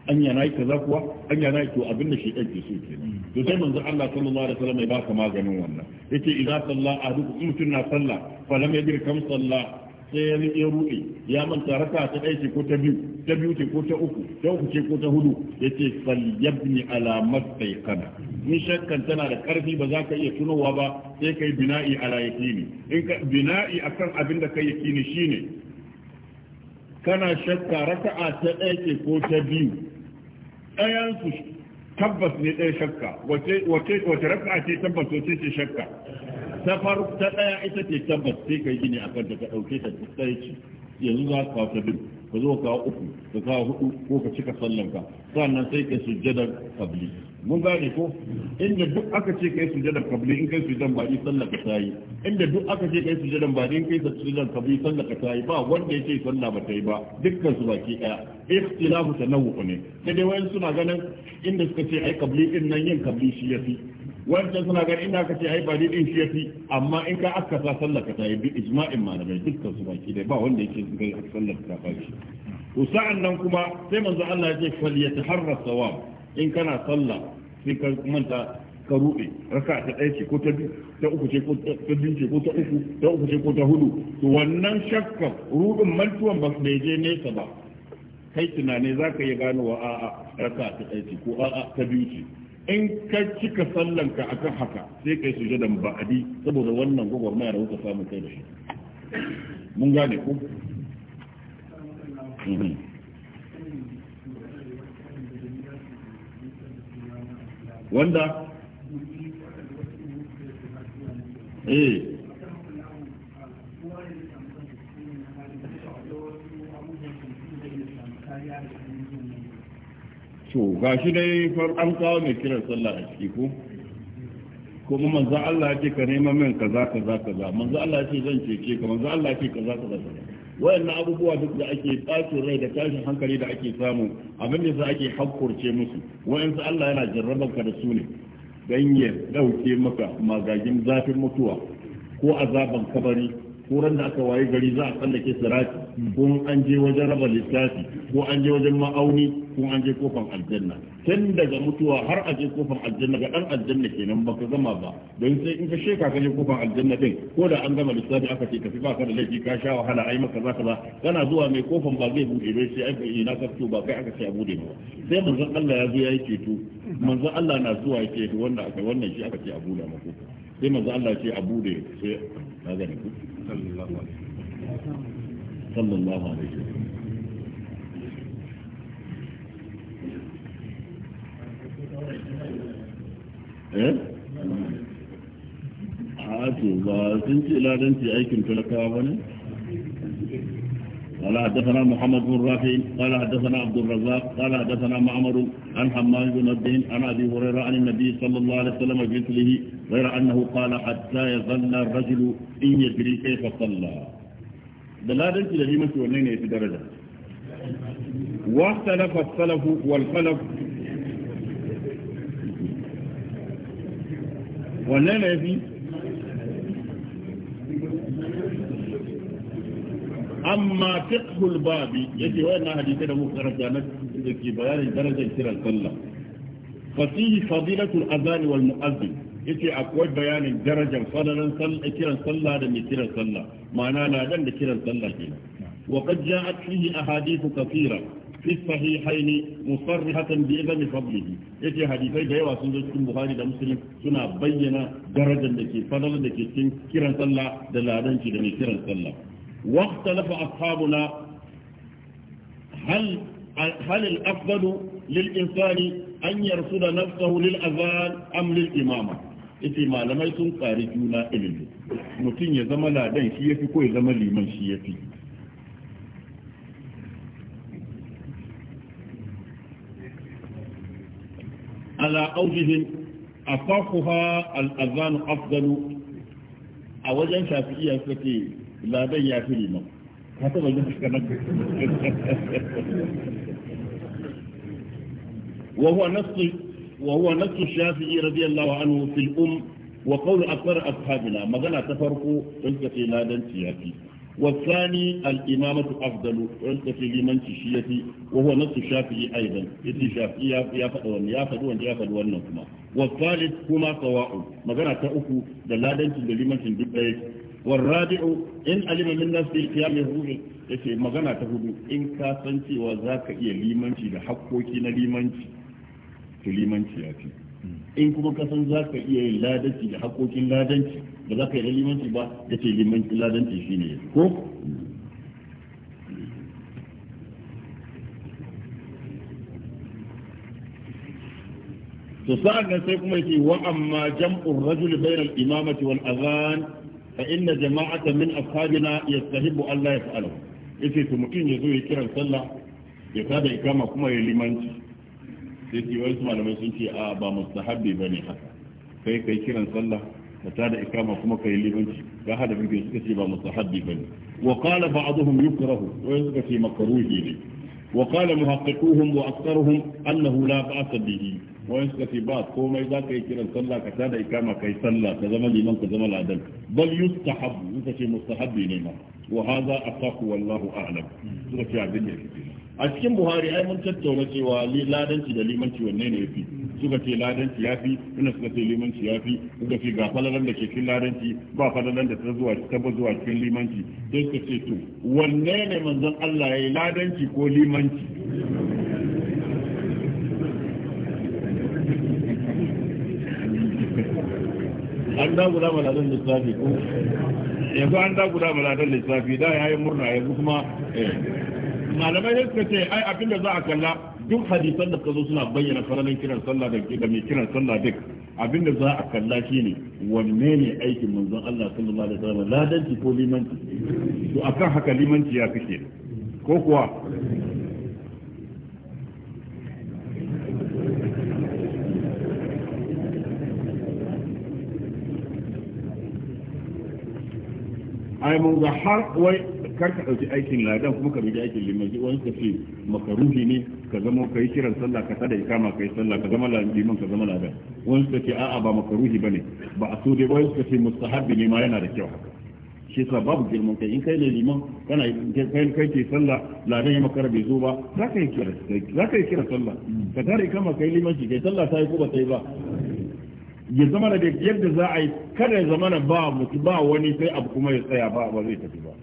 an yana yi kaza kuwa an yana yi to abin da shi ɗan ke so ke to sai manzo Allah sallallahu alaihi wasallam ya baka maganin wannan yace idza salla ahadukum mutum na salla fa lam yadir kam salla sai ya rike rufe ya manta raka ta ɗaya ce ko ta biyu ta biyu ce ko ta uku ta uku ce ko ta hudu ya ce falyabni ala kana in shakkan tana da karfi ba za ka iya tunowa ba sai kai bina'i ala yaqini in ka bina'i akan abin da kai shi shine kana shakka raka'a ta ɗaya ce ko ta biyu ɗayan su tabbas ne ɗaya shakka wace raka wace raka'a ce tabbas wace ce shakka ta faru ta daya ita ce tabbas sai kai gini a kanta ka dauke ta ce yanzu za ka kawo biyu ka zo kawo uku ka kawo hudu ko ka cika sallan ka sannan sai kai sujjadar kabli mun gane ko inda duk aka ce kai sujjadar kabli in kai sujjadan baki sallar ka tayi inda duk aka ce kai sujjadar baki in kai sujjadar kabli sallar ka tayi ba wanda yake sallah ba tayi ba dukkan su baki daya ikhtilafu tanawwu ne sai dai wayan suna ganin inda suka ce ai kabli din nan yin kabli shi yafi wancan suna ganin inda aka ce ai ba daidai shi yafi amma in ka aka sa sallar ka ta yi duk ijma'in malamai dukkan su baki dai ba wanda yake su gani sallar ta ba shi to sa'an nan kuma sai manzo Allah ya ce fal yataharra sawab in kana sallah sai ka manta ka rube raka ta ɗaya ce ko ta biyu ta uku ce ko ta biyu ce ko ta uku ta uku ce ko ta hudu to wannan shakka rubin mantuwan ba bai je nesa ba kai tunane za ka iya gano wa a'a raka ta ɗaya ce ko a'a ta biyu ce in ka cika sallanka kan haka sai kai sujadan ba'adi saboda wannan gugwar da kuka samu kai da shi mun gane ku mhm. wanda eh to ga shi dai far an kawo mai kiran sallah a ciki ko kuma manzo Allah ya ce ka nema min kaza kaza kaza manzo Allah ya ce zan cece ka manzo Allah ya ce kaza kaza wayannan abubuwa duk da ake tsacin rai da tashin hankali da ake samu abin da za ake hakurce musu wayansu Allah yana jarrabar ka da su ne dan ya dauke maka magagin zafin mutuwa ko azaban kabari ko ran da aka waye gari za a tsallake sirati ko an je wajen raba lissafi ko an je wajen ma'auni in an je kofan aljanna tun daga mutuwa har a je kofan aljanna ga dan aljanna kenan ba ka gama ba don sai in ka sheka ka je kofan aljanna din ko da an gama lissafi aka ce tafi baka da laifi ka sha wahala ai maka zaka ba kana zuwa mai kofan ba zai bude bai sai ai ina ka ba kai aka ce a bude ba sai manzon Allah ya zo ya yi ceto manzon Allah na zuwa ya ceto wanda aka wannan shi aka ce a bude maka sai manzon Allah ya ce a bude sai na gani sallallahu alaihi wasallam sallallahu alaihi wasallam eh a to ba sun ce ladanci aikin talakawa ba ne قال حدثنا محمد بن رافع قال حدثنا عبد الرزاق قال حدثنا معمر عن حماد بن الدين عن ابي هريره عن النبي صلى الله عليه وسلم بمثله غير انه قال حتى يظل الرجل ان يدري كيف صلى. دلاله الذي مشي ونين في درجه. واختلف السلف والخلف wannan ne fi amma fiqhul babi yake wannan hadisi da muka karanta na dake bayanin darajar kiran sallah fasihi fadilatul azani wal muazzin yace akwai bayanin darajar fadalan sallah kiran sallah da mai kiran sallah ma'ana dan da kiran sallah ke wa qad ja'at fihi ahadithu kathira في الصحيحين مصرحة بإذن فضله يجي حديثي ديوة سنجد كم بخاري دا مسلم سنة بينا درجة لكي فضل لكي كم كيران صلى دلالان كي كيران صلى واختلف أصحابنا هل هل الأفضل للإنسان أن يرصد نفسه للأذان أم للإمامة ita malamai sun tsari juna ilimi mutum ya zama ladan shi ya fi ko ya zama liman shi ya fi ala qawlihim afaquha al-adhan afdalu a wajen shafi'iyya suke ladan ya fi liman ka taba jin haka nan wa huwa nass wa huwa nass shafi'i radiyallahu anhu fil um wa qawl akthar magana ta farko sun ce ya fi والثاني الإمامة أفضل وأنت في لمن تشيتي وهو نص الشافعي أيضا يتي شافعي يافد ون يافد ون يافد ون كما والثالث هما سواء ما كان تأكو دلادن لمن تنبئي والرابع إن علم من نفس القيام يهوه yace magana ta hudu in ka san cewa za ka iya limanci da hakkoki na limanci to limanci ya fi in kuma ka san za ka iya yin ladanci da haƙoƙin ladanci ba za ka yi limanci ba ka ce limanci ladanci shi ne ko to sa'an sai kuma yake wa amma jam'ur rajul bainal imamati wal azan fa inna jama'ata min ashabina yastahibu Allah yaf'alu yace to mutum ya zo ya kiran sallah ya tada ikama kuma ya limanci sai ce wasu malamai sun ce a ba mustahabbi ne haka kai kai kiran sallah ka tada ikama kuma kai libanci ga hada bin suka ce ba mustahabbi ne wa qala ba'dhum yukrahu wa suka ce makruhi ne wa qala muhaqqiquhum wa aktharuhum annahu la ba'sa bihi wa suka ce ba komai za ka yi kiran sallah ka tada ikama kai sallah ka zama liman ka zama ladan bal yustahabbu suka ce mustahabbi ne ma wa hadha aqaqu wallahu a'lam suka ce abin da yake a cikin buhari ai mun tattauna cewa ladanci da limanci wanne ne yafi suka ce ladanci yafi ina suka ce limanci yafi suka ce ga falalan da ke cikin ladanci ba falalan da ta zuwa ta ba zuwa cikin limanci sai suka ce to wanne ne manzon Allah yayi ladanci ko limanci an da dagula maladan lissafi ko yanzu an da maladan lissafi da ya yi murna yanzu kuma eh. malamai ne suka ce ai abin da za a kalla duk hadisan da suka zo suna bayyana faralin kiran sallah da mai kiran sallah duk abin da za a kalla shine wanne ne aikin manzon Allah sallallahu alaihi wasallam ladanci ko limanci to akan haka limanci ya fice ko kuwa ai mun ga har wai kar ka dauki aikin ladan kuma ka bi aikin limanci wani wani ce makaruhi ne ka zama kai kiran sallah ka tada ikama kai sallah ka zama liman ka zama ladan wani ce a'a ba makaruhi bane ba a so dai wani ce mustahabbi ne ma yana da kyau haka shi sa babu girman kai in kai ne liman kana kai kai ke sallah ladan ya makara bai zo ba za ka yi kira za ka yi kira sallah ka tare kama kai limanci kai sallah ta yi ko ba ta yi ba ya zama da yadda za a yi kada ya zama ba mutu ba wani sai abu kuma ya tsaya ba ba zai tafi ba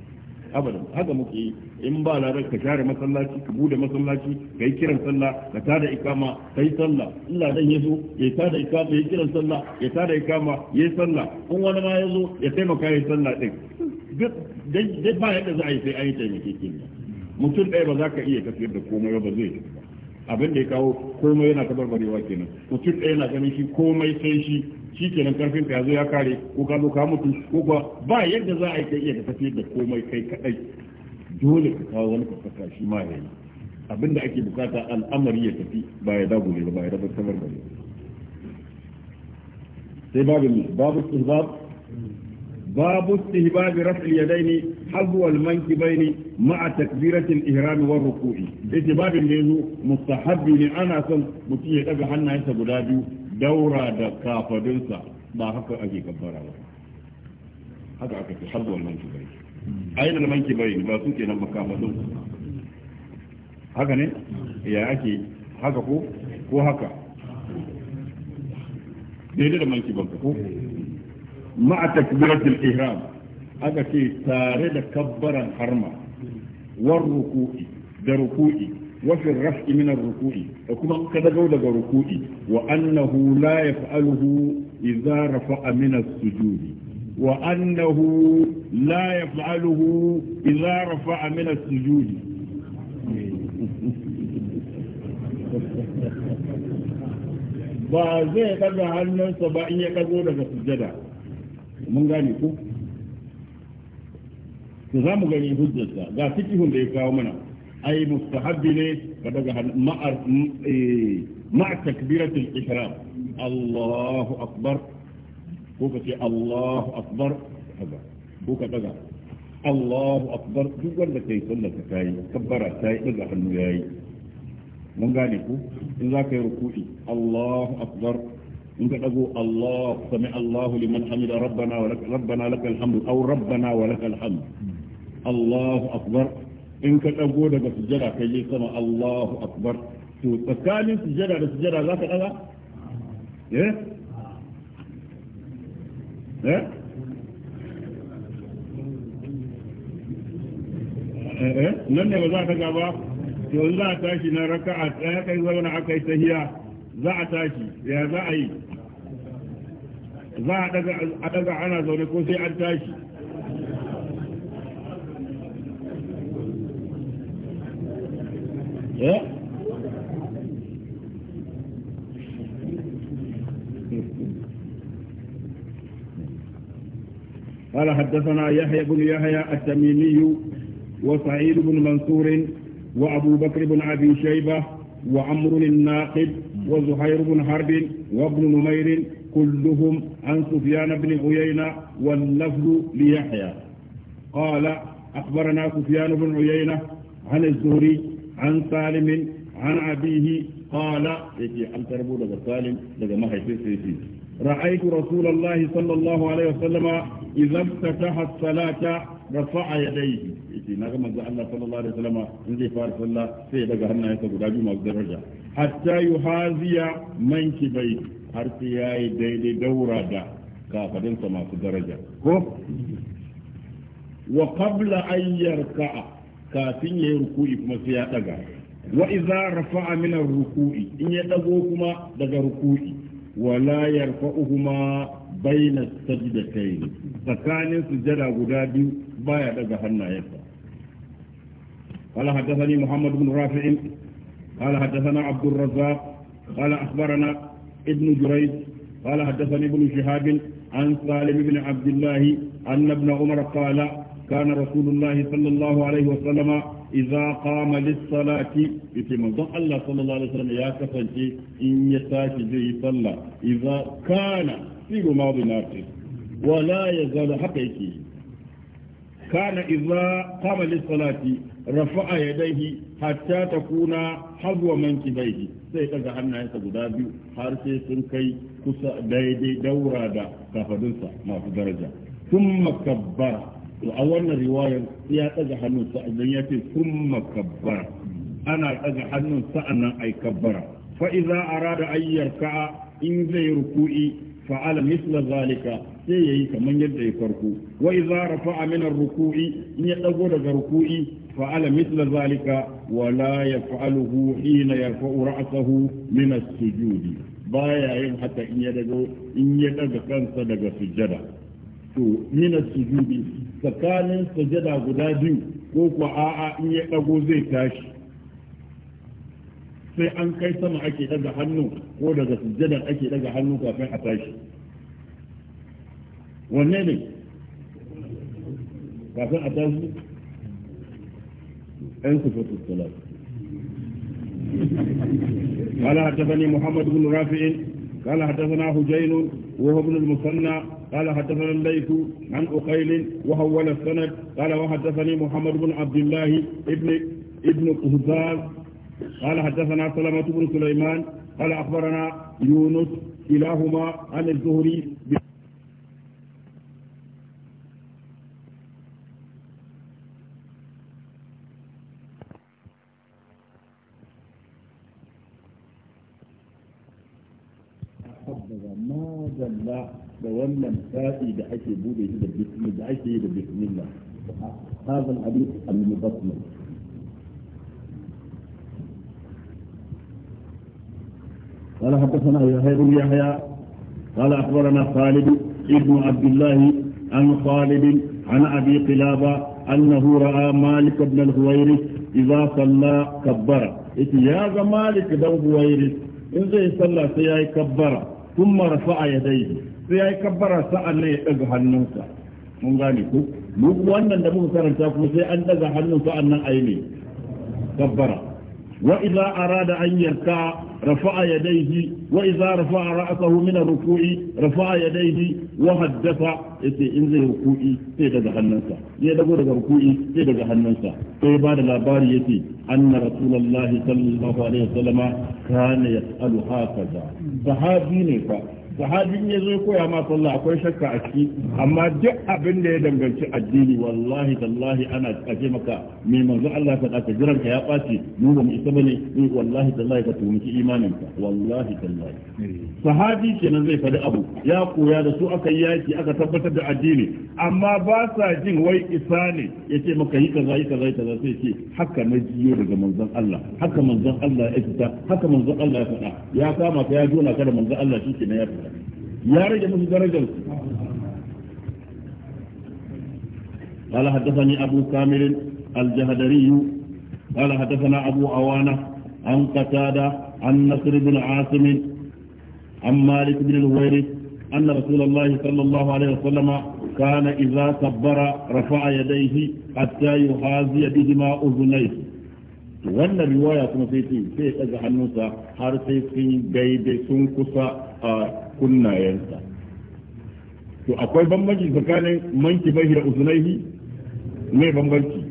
abadan haka muke yi in ba ladan ka share masallaci ka bude masallaci ka yi kiran sallah ka tada ikama ka yi sallah in dan ya zo ya tada ikama ya kiran sallah ya tada ikama ya yi sallah in wani ma ya zo ya taimaka ya yi sallah din duk dai ba yadda za a yi sai an yi taimake mutum ɗaya ba za ka iya tafiyar da komai ba zai ba abin da ya kawo komai yana barbarewa kenan mutum ɗaya na ganin shi komai sai shi shi kenan karfin ka yazo ya kare ko ka zo ka mutu ko kuwa ba yadda za a yi kai iya ka tafiyar da komai kai kadai dole ka kawo wani ka shi ma yayi abin da ake bukata al'amari ya tafi ba ya dagule ba ya rabar barbarewa sai babu babu باب استهباب رفع اليدين حظ المنكبين مع تكبيرة الإهرام والركوع استهباب الليل مستحب لأنا سن متيه دقى حنا يسب دابيو دورة دقا فدنسا با حقا أجي كبارا هذا أكد حظ المنكبين أين المنكبين با سوكي نمكا فدنسا haka ne ya ake haka ko ko haka daidai المنكبين manki ma'a takbiratul ihram aka ce tare da kabbaran harma war ruku'i da ruku'i wa raf'i min ruku'i da kuma ka dago daga ruku'i wa annahu la yaf'aluhu idza rafa'a min la ba zai daga hannunsa ba in ya dago daga sujada mun gane ko to za mu gani hujjarsa ga fikihun da ya kawo mana ai mustahabbi ne ka daga ma'ar e, ma'a takbiratul ihram Allahu akbar ko ka ce Allahu akbar ko ka daga Allahu akbar duk wanda kai sallar ka tayi kabbara tayi daga hannu yayi mun gane ku in za ka yi ruku'i Allahu akbar إن تقول الله سمع الله لمن حمد ربنا ولك ربنا لك الحمد أو ربنا ولك الحمد الله أكبر إن تقول لك سجرة كي سمع الله أكبر تتكالي سجرة لسجرة ذاك الأذى إيه إيه nan ne ba za ka ga ba to za a tashi na raka'a ɗaya kai zauna tahiya za ya za a yi za a daga ana zaune ko sai an tashi eh? قال حدثنا يحيى بن يحيى التميمي وسعيد بن منصور وأبو بكر بن أبي شيبة وعمر الناقد وزهير بن حرب وابن نمير كلهم عن سفيان بن عيينة واللفظ ليحيى قال أخبرنا سفيان بن عيينة عن الزهري عن سالم عن أبيه قال رأيت رسول الله صلى الله عليه وسلم إذا افتتح الصلاة rafa'a yadayhi yace na ga manzo Allah sallallahu alaihi wasallam in zai fara sallah sai ya daga hannayensa guda biyu masu daraja hatta yuhaziya mankibai har sai yayi daidai daura da kafadinsa masu daraja ko wa qabla an yarka'a kafin yayi ruku'i kuma sai ya daga wa idza rafa'a min rukui in ya dago kuma daga ruku'i wala yarfa'uhuma bayna sajdatayn tsakanin sujada guda biyu دغا حنا hannayensa قال حدثني محمد بن رافع قال حدثنا عبد الرزاق قال أخبرنا ابن جريج قال حدثني ابن شهاب عن سالم بن عبد الله أن ابن عمر قال كان رسول الله صلى الله عليه وسلم إذا قام للصلاة في منظر الله صلى الله عليه وسلم يا كفنتي إن يتاكي زي صلى إذا كان في ماضي ناقص ولا يزال حقيقي kana idza qama salati rafa'a yadayhi hatta takuna manki mankibaihi sai daga hannayensa guda biyu har sai sun kai kusa daidai daura da kafadunsa masu daraja thumma kabbara to a wannan riwayar ya daga hannunsa idan ya ce thumma kabbara ana daga hannun nan ai kabbara fa idza arada an yarka'a in zai ruku'i fa'ala misla zalika sai yi kamar yadda ya farko wa idza rafa'a min ar-ruku'i in ya dago daga ruku'i fa'ala mithla zalika wa la yaf'aluhu hina yarfa'u ra'sahu min as-sujud baya yin haka in ya dago in ya daga kansa daga sujjada to min as-sujud tsakanin sujjada guda biyu ko kuwa a'a in ya dago zai tashi sai an kai sama ake daga hannu ko daga sujada ake daga hannu kafin a tashi wanne ne kafin a tashi ɗan su fito salat قال حدثني محمد بن رافع قال حدثنا حجين وهو ابن المثنى قال حدثنا الليث عن أقيل وهو السند قال وحدثني محمد بن عبد الله ابن ابن قهزاز قال حدثنا سلمة بن سليمان قال أخبرنا يونس كلاهما عن الزهري wannan babi da ake bude shi da bismillah da ake yi da bismillah هذا الحديث المبطل قال حدثنا يحيى بن يحيى قال اخبرنا خالد ابن عبد الله عن خالد عن ابي قلابه انه راى مالك بن الهويرث اذا صلى كبر يا مالك بن الهويرث ان زي صلى sai ya yi kabbara kun sai ya yi kabbara sa'an nan ya ɗaga hannunsa mun gane ku duk wannan da muka karanta kuma sai an ɗaga hannun sa'an nan a yi ne kabbara wa idza arada an yarka rafa'a yadayhi wa idza rafa'a ra'sahu min ar-ruku'i rafa'a yadayhi wa haddatha yace in zai ruku'i sai daga hannunsa ya dago daga ruku'i sai daga hannunsa sai ba da labari yace anna rasulullahi sallallahu alaihi wasallama kana yas'alu hakaza sahabi ne fa sahabin ya zo koya ma sallah akwai shakka a ciki amma duk abin da ya danganci addini wallahi tallahi ana kace maka me manzo Allah ya faɗa ka jiran ka ya ɓaci mu ba mu isa bane ni wallahi tallahi ka tumci imanin ka wallahi tallahi sahabi kenan zai faɗi abu ya koya da su aka yaki aka tabbatar da addini amma ba sa jin wai isa ne yace maka yi kaza yi kaza yi kaza sai ce haka na jiyo daga manzon Allah haka manzon Allah ya fita haka manzon Allah ya faɗa ya kama ka ya jona ka da manzon Allah shi kenan ya fita ya rage musu darajar قال حدثني أبو كامل الجهدري قال حدثنا أبو عوانة عن قتادة عن نصر بن عاصم عن مالك بن الهويرث أن رسول الله صلى الله عليه وسلم كان إذا كبر رفع يديه حتى يحاذي بهما أذنيه wannan riwaya kuma sai ce sai ya ɗaga hannunsa har sai sun gaide sun kusa a kunnayensa to akwai bambanci tsakanin manki bai da usunaihi ne bambanci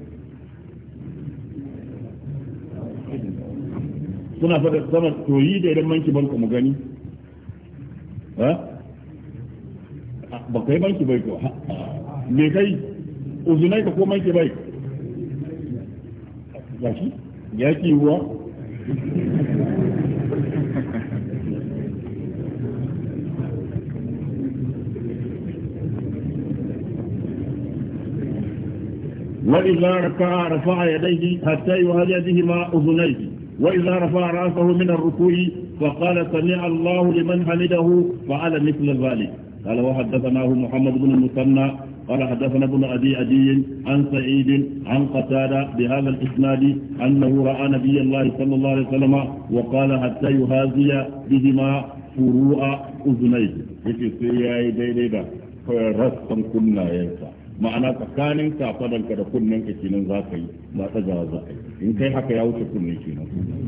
suna fada sama to yi da idan manki banka mu gani ba kai banki bai ko me kai uzunai ka ko manki bai gashi ya ki ruwa وإذا ركع رفع يديه حتى يهدى بهما أذنيه وإذا رفع رأسه من الركوع فقال سمع الله لمن حمده فعل مثل ذلك قال وحدثناه محمد بن المثنى قال حدثنا ابن أبي أدي عن سعيد عن قتادة بهذا الإسناد أنه رأى نبي الله صلى الله عليه وسلم وقال حتى يهازي بهما فروع أذنيه. يجي كنا ma'ana tsakanin kafadanka da kunnen ka kenan za ka yi ba tsagawa za a yi in kai haka ya wuce kunne kenan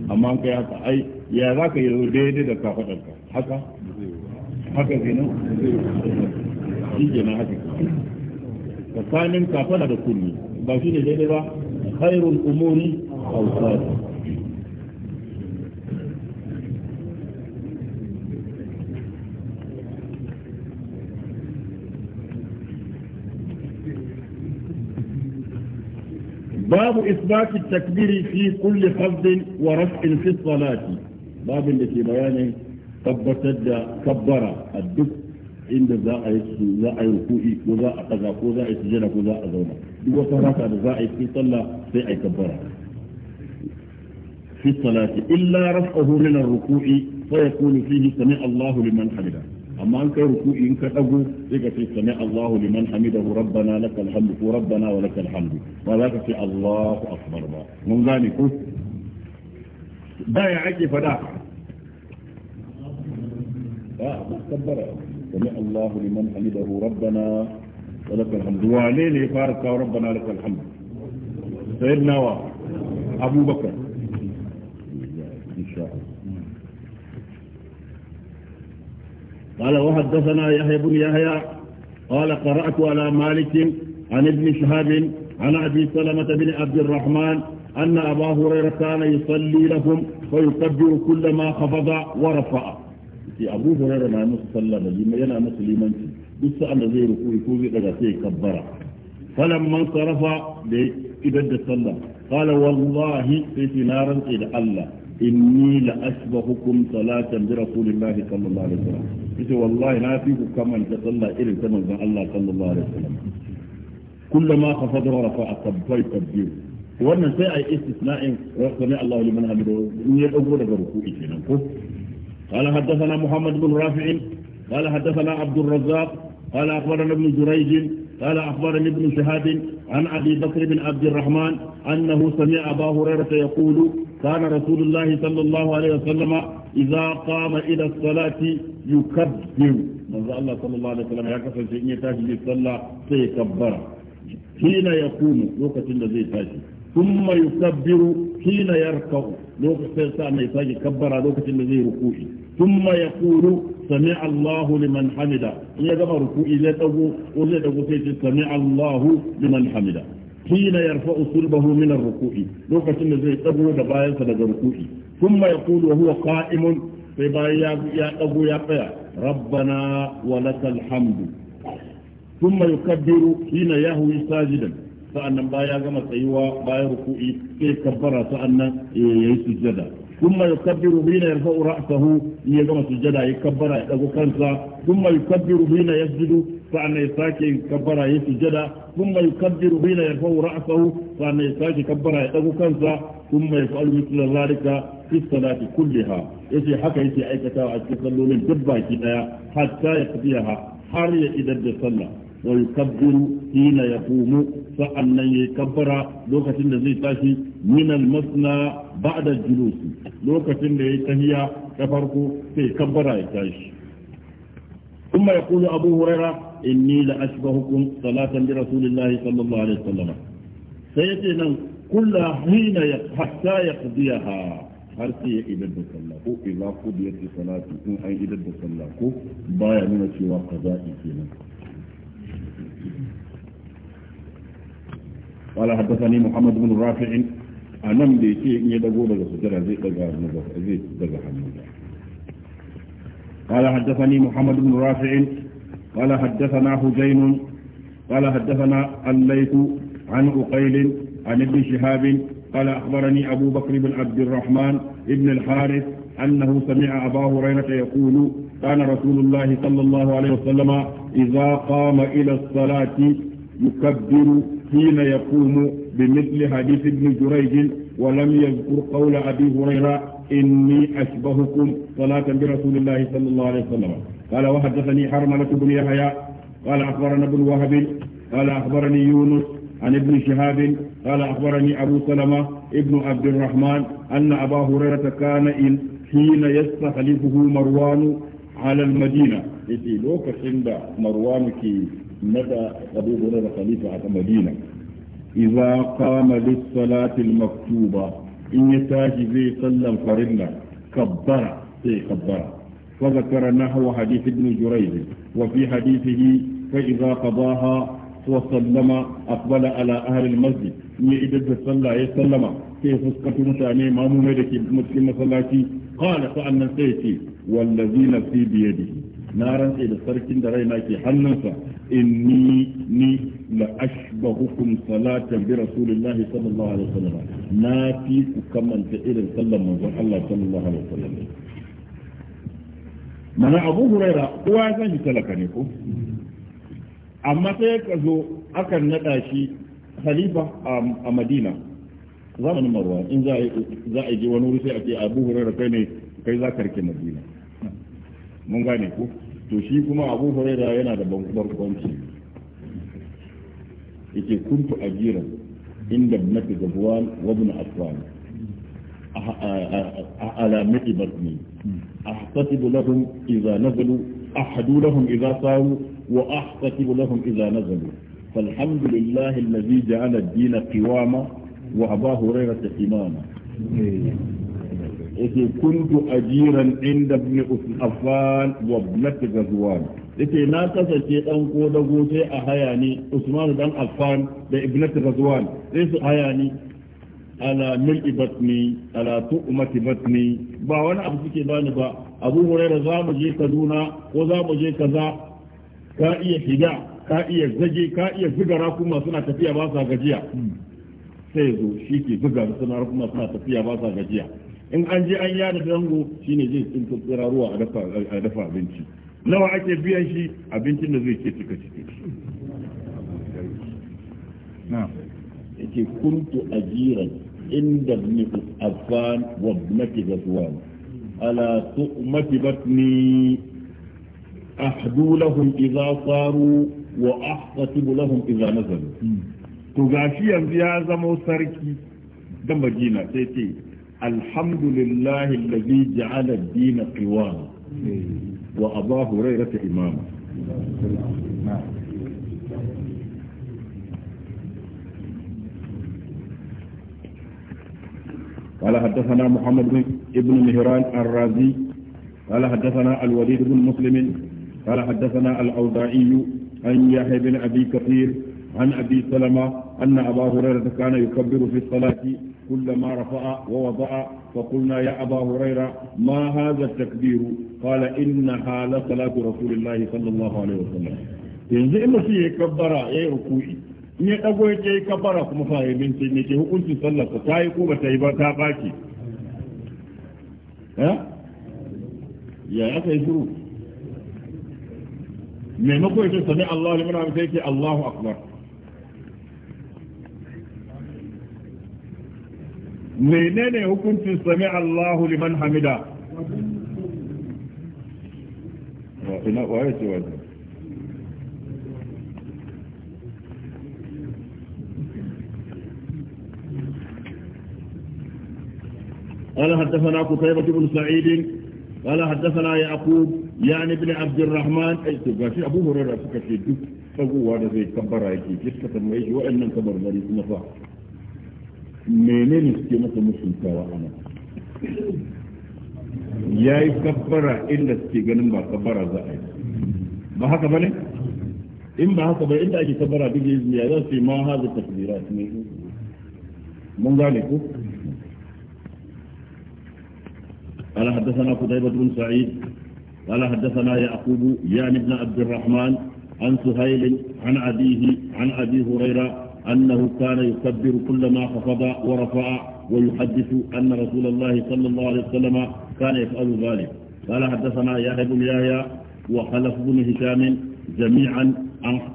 amma in kai haka ai ya za ka yi daidai da kafadanka haka haka kenan shi kenan haka tsakanin kafada da kunne ba shi ne daidai ba khairul umuri awsat باب إثبات التكبير في كل خفض ورفع في الصلاة باب اللي في بيانه ثبت كبر الدب إن ذا ذا يركوئي وذا أقذا وذا يسجن وذا أذونا صلاه ذا في صلى في أي كبر في الصلاة إلا رفعه من الركوع فيكون فيه سمع الله لمن حمده amma an kai ruku'i in ka dago sai ka ce sami Allahu liman hamidahu rabbana lakal hamdu ko rabbana wa lakal hamdu ba za ka ce Allahu akbar ba mun gane ko da ya ake fada ba tabbara sami Allahu liman hamidahu rabbana wa lakal hamdu wa ne ne fara kawo rabbana lakal hamdu sayyidina wa abubakar قال وحدثنا يحيى بن يحيى قال قرأت على مالك عن ابن شهاب عن أبي سلمة بن عبد الرحمن أن أبا هريرة كان يصلي لهم فيكبر كل ما خفض ورفع في أبو هريرة ما مسلم ينا مسلما بس أنا زي ركوي كوزي قد كبر فلما انصرف إذا صلى قال والله في نارا إلى الله inni la asbahukum salatan bi rasulillah sallallahu alaihi wasallam wallahi na fi ku kamanta sallah irin ta manzon Allah sallallahu alaihi wasallam kullama rafa'a kabbai kabbi wannan sai ai istisna'in sami Allahu liman hamidu in ya dago daga ruku'i kenan ko قال حدثنا محمد بن رافع قال حدثنا عبد الرزاق قال اخبرنا ابن جريج قال أخبرني ابن شهاب عن أبي بكر بن عبد الرحمن أنه سمع أبا هريرة يقول كان رسول الله صلى الله عليه وسلم إذا قام إلى الصلاة يكبر من الله صلى الله عليه وسلم يكفر شيء يتاجي للصلاة سيكبر حين يقوم وقت الذي تاجي ثم يكبر حين يركع لوقت سيسا ما يتاجي كبر لوقت الذي ركوعي ثم يقول sami Allahu liman hamida in ya gama ruku ilai dago ko zai dago sai ce sami Allahu liman hamida hina yarfa usulbahu min ruku'i lokacin da zai dago da bayansa daga ruku'i kuma ya kulu wa huwa qa'imun sai baya ya dago ya tsaya rabbana wa lakal hamdu kuma yukaddiru hina yahwi sajidan sa'annan baya gama tsayuwa bayan ruku'i sai kabbara sa'annan eh, yayi sujjada ثم يكبر حين يرفع رأسه يجمع سجدا يكبر يدعو كنسا ثم يكبر حين يسجد فأنا يساك يكبر يسجد ثم يكبر حين يرفع رأسه فأنا يساك يكبر يدعو كنسا ثم يفعل مثل ذلك في الصلاة كلها اذا حكى يجي أيكتا وأجي صلوا من دبا حتى يقضيها حرية إذا صلى wa yukabbiru hina yaqumu sa'annan yayi kabbara lokacin da zai tashi min al-masna ba'da julus lokacin da yayi tahiya ta farko sai kabbara ya tashi kuma yaqulu abu huraira inni la ashbahukum salatan bi rasulillahi sallallahu alaihi wasallam sai yace nan kullu hina hatta yaqdiyaha har sai ya idar da sallah ko idza qudiyat salati in an idar da sallah ko baya nuna cewa qaza'i kenan قال حدثني محمد بن رافع انم دي تي ني دغو دغ سجر sujjada دغ daga zai daga قال حدثني محمد بن رافع قال حدثنا حجين قال حدثنا الليث عن عقيل عن ابن شهاب قال أخبرني أبو بكر بن عبد الرحمن ابن الحارث أنه سمع أبا هريرة يقول كان رسول الله صلى الله عليه وسلم إذا قام إلى الصلاة يكبر حين يقوم بمثل حديث ابن جريج ولم يذكر قول أبي هريرة إني أشبهكم صلاة برسول الله صلى الله عليه وسلم قال وحدثني حرملة بن يحيى قال أخبرنا ابن وهب قال أخبرني يونس عن ابن شهاب قال أخبرني أبو سلمة ابن عبد الرحمن أن أبا هريرة كان إن حين يستخلفه مروان على المدينة يتي مروان كي متى أبو هريرة خليفة مدينة إذا قام للصلاة المكتوبة إن يتاجي زي صلى الفرنة كبر زي كبر وذكر نحو حديث ابن جريج وفي حديثه فإذا قضاها وسلم أقبل على أهل المسجد إن إذا صلى يسلم كيف فسكت متعني ما ممدك مسلم صلاتي قال فأنا سيتي والذي نفسي بيده نارا إلى سرك درينا في حنسا إني ni la ashbahukum salatan bi rasulillah sallallahu alaihi wasallam na fi ku kamanta irin sallan manzon Allah sallallahu alaihi wasallam mana abu huraira kowa ya san talaka ne ko amma sai ka zo akan nada shi khalifa a madina zamanin marwa in za a je wani wuri sai a ce abu huraira kai ne kai za ka rike madina mun gane ko to shi kuma abu huraira yana da barkwanci yake kuntu ajiran inda nafi gabuwan wabin aswan على مئ بطني أحتسب لهم إذا نزلوا أحد لهم إذا صاروا وأحتسب لهم إذا نزلوا فالحمد لله الذي جعل الدين قواما وأبا هريرة إماما yake kuntu ajiran inda ibn Affan wa ibn Ghazwan yake na kasance dan kodago sai a haya ni Usman dan Affan da ibn Ghazwan sai su haya ni ala mil'i batni ala tu'mati batni ba wani abu suke bani ba Abu Hurairah za mu je Kaduna ko za mu je kaza ka iya shiga ka iya zage ka iya zigara kuma suna tafiya ba sa gajiya hmm. sai zo shi ke buga suna kuma suna tafiya ba sa gajiya in an je an yada dango shine zai tsinto ruwa a dafa abinci nawa ake biyan shi abincin da zai ke cika ciki na yake kuntu ajiran inda ni afan wa ibnati Ghazwan ala tu'mati batni ahdu lahum idza saru wa ahtasibu lahum idza nazalu hmm. to gashi yanzu ya zama sarki da Madina sai ce الحمد لله الذي جعل الدين قواما وأبا هريرة إماما قال حدثنا محمد بن ابن مهران الرازي قال حدثنا الوليد بن مسلم قال حدثنا الأوضاعي عن يحيى بن أبي كثير عن أبي سلمة أن أبا هريرة كان يكبر في الصلاة كلما رفع ووضع فقلنا يا أبا هريرة ما هذا التكبير قال إنها لصلاة رسول الله صلى الله عليه وسلم yanzu in mutum ya kabbara ya yi rukui in ya dago ya ce kabbara kuma fa ya bince ne ke hukuncin sallarsa ta yi ko ba ta yi ba ta baki ya aka yi shiru maimako ya ce sami Allah liman sai ke Allahu akbar menene hukuncin sami Allahu liman hamida wa ina قال حدثنا قتيبة بن سعيد قال حدثنا يعقوب يعني ابن عبد الرحمن اي تباشي ابو هريره فكشي دك ابو وانا زي كبر هيك كيف كتب ايش وان كبر مريض نفع menene suke masa mutuntawa ana ya yi kabbara inda suke ganin ba kabbara za a yi ba haka ba ne in ba haka ba inda ake kabbara duk ya za su yi ma haza takbira ne mun gane ko قال حدثنا قتيبة بن سعيد قال حدثنا يعقوب يعني ابن عبد الرحمن عن سهيل عن أبيه عن أبي هريرة أنه كان يكبر كلما خفض ورفع ويحدث أن رسول الله صلى الله عليه وسلم كان يفعل ذلك قال حدثنا يحيى بن يحيى وخلف بن هشام جميعا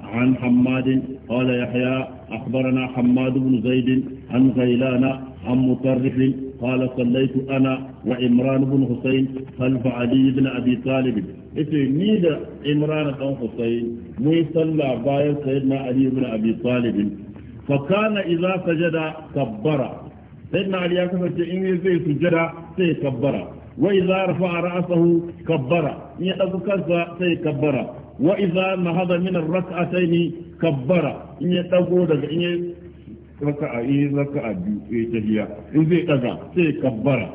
عن حماد قال يحيى أخبرنا حماد بن زيد عن غيلان عن مطرف قال صليت أنا وإمران بن حسين خلف علي بن أبي طالب إذن نيد إمران بن حسين مي صلى باير سيدنا علي بن أبي طالب fakana idza sajada kabbara sayyidina ali ya kasance in zai sujada sai kabbara wa idza rafa'a ra'sahu kabbara in ya dauki kansa sai kabbara wa idza nahada min ar-rak'atayn kabbara in ya dago daga in ya raka'a in raka'a biyu ya eh, tahiya in zai daga sai kabbara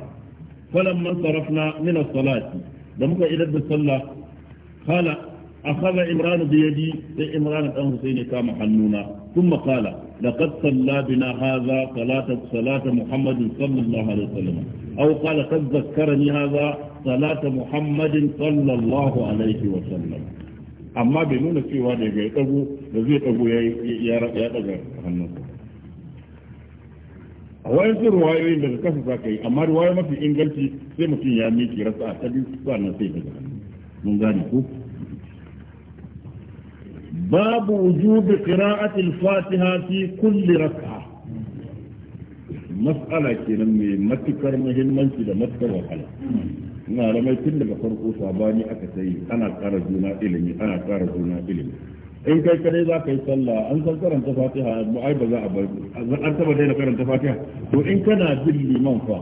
falamma sarafna min as-salati da muka idar da sallah qala akhadha imran bi yadi sai imran dan husaini kama hannuna thumma qala لقد صلى بنا هذا صلاة صلاة محمد صلى الله عليه وسلم أو قال قد ذكرني هذا صلاة محمد صلى الله عليه وسلم أما بنون في وادي بيتبو لذيك أبو يا يا يا a wayansu ruwayoyin daga kasa za ka yi amma ruwayo mafi inganci sai mutum ya miki rasa a ta biyu nan sai daga mun gane ku babu وجوب قراءة fatiha في كل ركعة mas'ala kenan mai matukar muhimmanci da matukar wahala ina da mai tun daga farko sabani aka sai ana ƙara juna ilimi ana juna ilimi in kai kadai za ka yi sallah an san karanta fatiha ai ba za a bar an taba daina karanta fatiha to in kana bin liman fa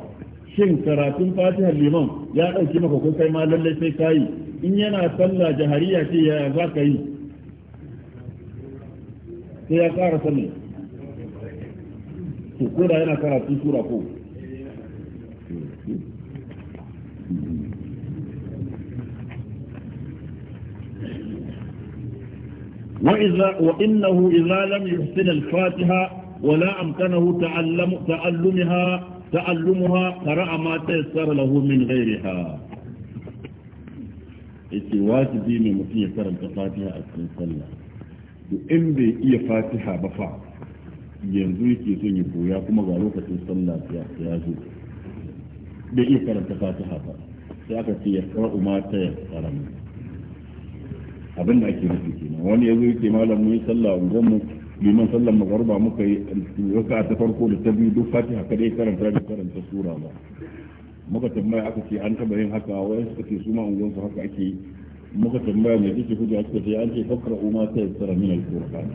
shin karatun fatiha liman ya dauki maka ko kai ma lallai sai ka yi in yana sallah jahariya ce ya za ka yi sai ya ƙara sani to ko da yana karatu sura ko وإذا وإنه إذا لم يحسن الفاتحة ولا أمكنه تعلم تعلمها تعلمها قرأ ما تيسر له من غيرها إتي واجبي من مكي يسر الفاتحة أكثر in bai iya fatiha ba fa yanzu yake son ya koya kuma ga lokacin sallah ya zo bai iya karanta fatiha ba sai aka ce ya karɓi ta ya karanta abin da ake nufi kenan wani ya yake malam mun sallah ungon mu liman sallan magharba muka yi a ta farko da ta biyu duk fatiha kada ya karanta da karanta sura ba muka tambaya aka ce an taba yin haka wai suka ce su ma ungon su haka ake yi muka tambaya ne duk hujja aka ce an ce fakra umma ta tsara min al-qur'an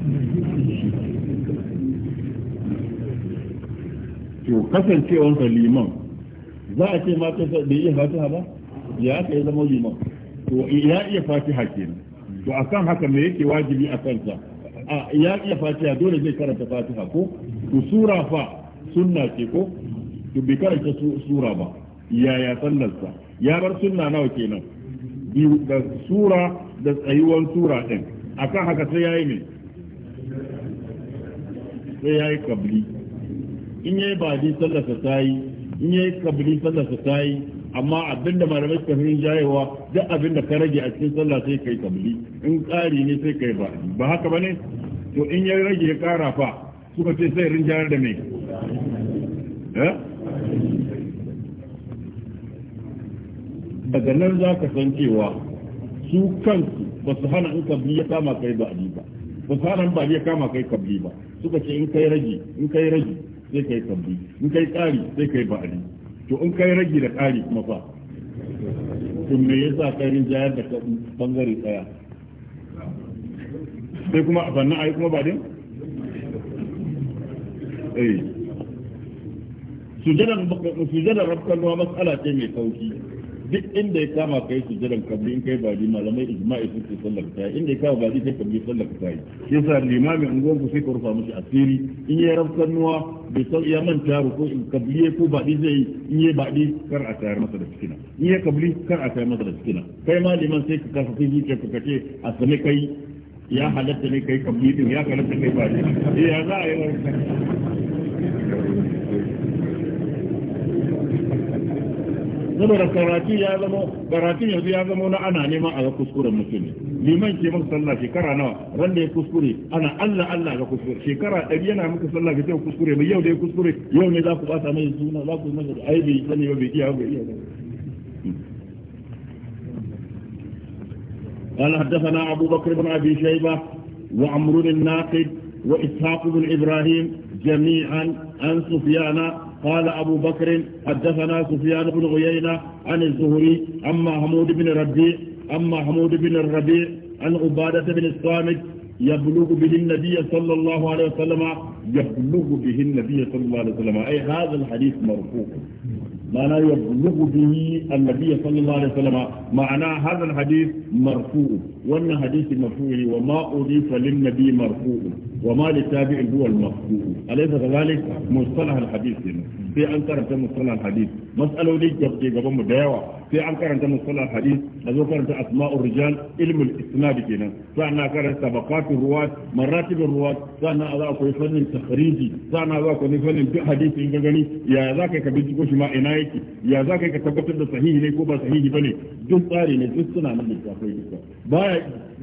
to kasancewar sa liman za a ce ma ta bai iya fatiha ba ya ta yi zama liman to ya iya fatiha kenan to akan haka me yake wajibi a kansa ya iya fatiha dole zai karanta fatiha ko to sura fa sunna ce ko to bai karanta sura ba yaya sallarsa ya bar sunna nawa kenan da sura da tsayuwan sura ɗin a kan haka sai ya yi ne sai ya yi kabli in ya yi baɗi sallarsa ta yi in ya yi kabli sallarsa ta yi amma abinda malamai suka fi jayewa duk abinda ka rage a cikin sallah sai kai kabli in ƙari ne sai kai ba ba haka ba ne to in ya rage ya ƙara fa suka ce sai rinjayar da me eh? daga nan za ka san cewa su kansu ba su hana in kabli ya kama kai ba ba ba su hana in ba ya kama kai kabli ba suka ce in kai ragi in kai ragi sai kai kabli in kai tsari sai kai ba to in kai ragi da tsari kuma fa to me yasa kai jayar da bangare daya sai kuma a sannan ayi kuma ba din eh sujadar sujadar rabkan wa mas'ala ce mai sauki duk inda ya kama kai su jiran kabli in kai baji malamai ijma'i su ce sallar ta inda ya kama baji sai kabli sallar ta yi shi yasa limamin unguwar ku sai ka rufa mishi asiri in ya rafkan nuwa bai sau ya manta ko in kabli ya ko baji zai in ya baji kar a tayar masa da cikina in ya kabli kar a tayar masa da cikina kai ma liman sai ka kasa sai zuciya ka kace a sami kai ya halatta ne kai kabli din ya halatta kai baji eh, ya za a yi da karatu ya zama karatu yanzu ya zama na ana nema a ga kuskuren mutum liman ke maka sallah shekara nawa ran da ya kuskure ana Allah Allah ga kuskure shekara ɗari yana maka sallah ga kuskure mai yau da ya kuskure yau ne za ku bata mai suna za ku masa da aibi sani ba bai iya ba iya قال حدثنا أبو بكر بن أبي شيبة وعمرو الناقد وإسحاق بن إبراهيم جميعا عن سفيان قال أبو بكر حدثنا سفيان بن غيينة عن الزهري عن محمود بن ربيع عن محمود بن الربيع عن عبادة بن الصامت يبلغ به النبي صلى الله عليه وسلم يبلغ به النبي صلى الله عليه وسلم أي هذا الحديث مرفوع معنى يبلغ به النبي صلى الله عليه وسلم معنى هذا الحديث مرفوع وان حديث مرفوع وما اضيف للنبي مرفوع وما للتابع هو المرفوع اليس كذلك مصطلح الحديث هنا sai an karanta musalar hadis matsaloli da ke gaban mu da yawa sai an karanta musalar hadis a zo karanta asma'ur rijal ilmul isnad kenan na karanta tabaqatul ruwat maratibur ruwat a za akwai fannin takhriji sannan za ni fannin duk hadisi in ga gani ya za kai ka binciko shi ma ina yake ya za kai ka tabbatar da sahihi ne ko ba sahihi bane duk tsari ne duk suna nan da kafai duka baya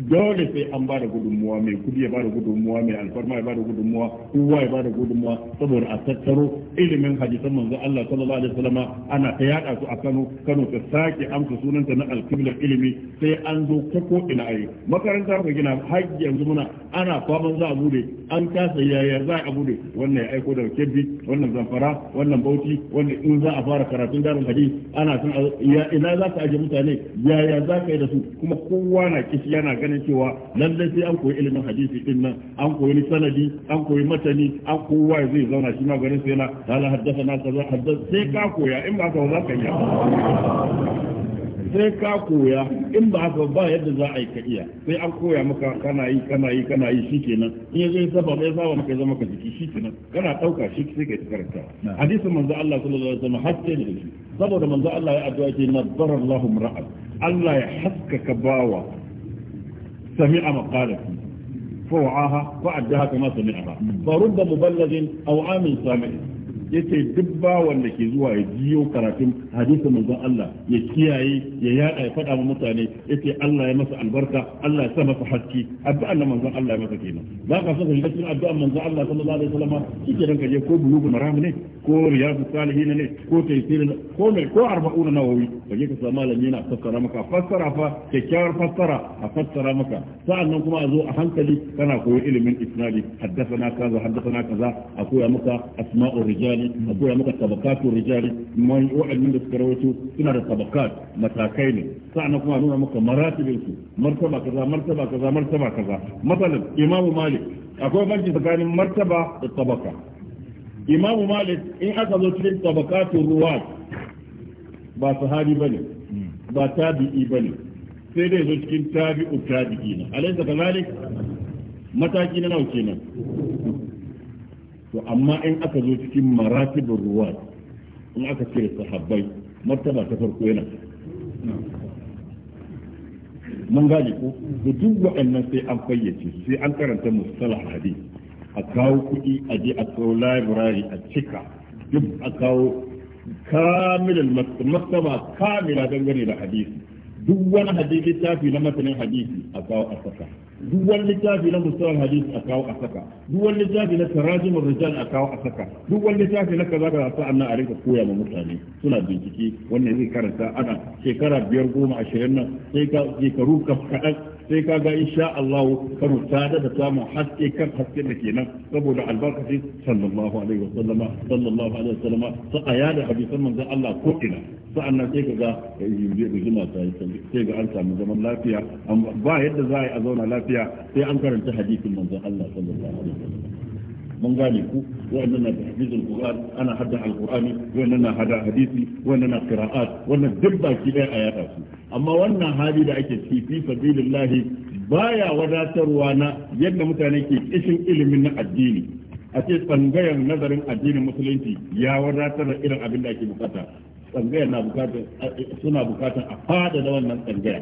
dole sai an bada gudunmuwa mai kudi ya bada gudunmuwa mai alfarma ya bada gudunmuwa kowa ya bada gudunmuwa saboda a tattaro ilimin hadisan manzo Allah sallallahu alaihi wasallam ana ta yada su a Kano Kano ta sake amsa sunanta na alkiblar ilimi sai an zo koko ina ai makaranta ka gina har yanzu muna ana faman za a bude an kasa yaya za a bude wannan ya aiko daga Kebbi wannan Zamfara wannan Bauchi wannan in za a fara karatun darul hadisi ana san ina za ka aje mutane yaya za ka yi da su kuma kowa na kishi yana gani. ganin cewa lalle sai an koyi ilimin hadisi din nan an koyi sanadi an koyi matani an kowa zai zauna shi ma ganin sai na hala haddasa na kaza haddasa sai ka koya in ba ka za ka iya sai ka koya in ba haka ba yadda za a yi ka iya sai an koya maka kana yi kana yi kana yi shikenan in yanzu ya saba bai saba maka zama ka jiki shikenan kana dauka shi sai ka karanta hadisin manzo Allah sallallahu alaihi wasallam hatta ne saboda manzo Allah ya addu'a ce nabbara Allahu ra'al Allah ya haskaka bawa سمع مقالة فوعاها فأداها كما سمعها فرب مبلغ أو عامل سامع yace duk bawan da ke zuwa ya jiyo karatun hadisin manzon Allah ya kiyaye ya yada ya faɗa wa mutane yace Allah ya masa albarka Allah ya sa masa hakki addu'an na manzon Allah ya masa kenan ba ka so ka shiga cikin addu'an manzon Allah sallallahu alaihi wasallam kike ka je ko bulugu maram ne ko riyadu salihin ne ko tafsir ko ne ko arba'un nawawi kaje ka sa malami yana fassara maka fassara fa kyakkyawar fassara a fassara maka sa'annan kuma a zo a hankali kana koyo ilimin isnadi haddathana kaza haddathana kaza a koya maka asma'ur rijal mutane a koya maka tabakatu rijal man wa'annin da suka rawaito suna da tabakat matakai ne sa'an kuma nuna maka maratibin su martaba kaza martaba kaza martaba kaza masalan imam malik akwai banki tsakanin martaba da tabaka imam malik in aka zo cikin tabakatu ruwat ba sahabi bane ba tabi'i bane sai dai zo cikin tabi'u tabi'i ne alaysa kazalik mataki na nauke nan to amma in aka zo cikin maratibin ruwa in aka ce sahabbai martaba ta farko yana mun gane ko da duk waɗannan sai an fayyace sai an karanta mustalah hadis a kawo kuɗi a je a kawo library a cika duk a kawo kamilal martaba kamila dangane da hadisi duk wani hadisi littafi na matanin hadisi a kawo a saka duk wani littafi na musulman hadisi a kawo a saka duk wani littafi na tarajimar rijal a kawo a saka duk wani littafi na kaza kaza a nan a rika koya ma mutane suna bincike wannan zai karanta ana shekara biyar goma ashirin nan sai ka shekaru kaɗan sai ka ga insha Allah kano ta da ta samun haske kan haske da kenan saboda albarkaci sallallahu alaihi wasallama sallallahu alaihi wasallama sa'aya da hadisan manzon Allah ko ina sa'annan sai ka ga rigima eh, ta yi sai ga an samu zaman lafiya ba yadda za a yi a zauna lafiya sai an karanta hadisin manzon Allah sallallahu alaihi wasallam mun gane ku wannan na hafizul qur'an ana hadda alqur'ani wannan na hada hadisi wannan na qira'at wannan duk baki ɗaya a yada su amma wannan hali da ake ci fi sabilillahi baya wadatarwa na yadda mutane ke kishin ilimin na addini a ce tsangayar nazarin addinin musulunci ya wadatar da irin abin da ake bukata tsangayar na bukatar suna bukatar a fada da wannan tsangaya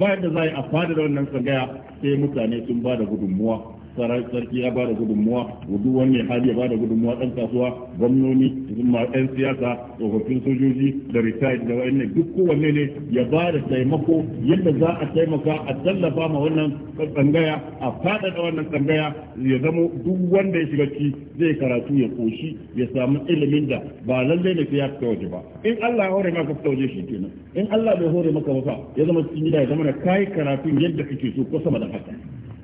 bayan da za a fada da wannan tsangaya sai mutane sun ba da gudunmuwa sarki ya bada gudunmuwa duk wani hali ya bada gudunmuwa dan kasuwa gwamnoni ma yan siyasa tsofaffin sojoji da retired da wa'anne duk kowanne ne ya bada taimako yadda za a taimaka a tallafa ma wannan tsangaya a fadada wannan tsangaya ya zamo duk wanda ya shiga ciki zai karatu ya koshi ya samu ilimin da ba lallai ne sai ya fita waje ba in Allah ya hore maka fita waje shi kenan in Allah bai hore maka ba ya zama cikin gida ya zama da kai karatun yadda kake so ko sama da haka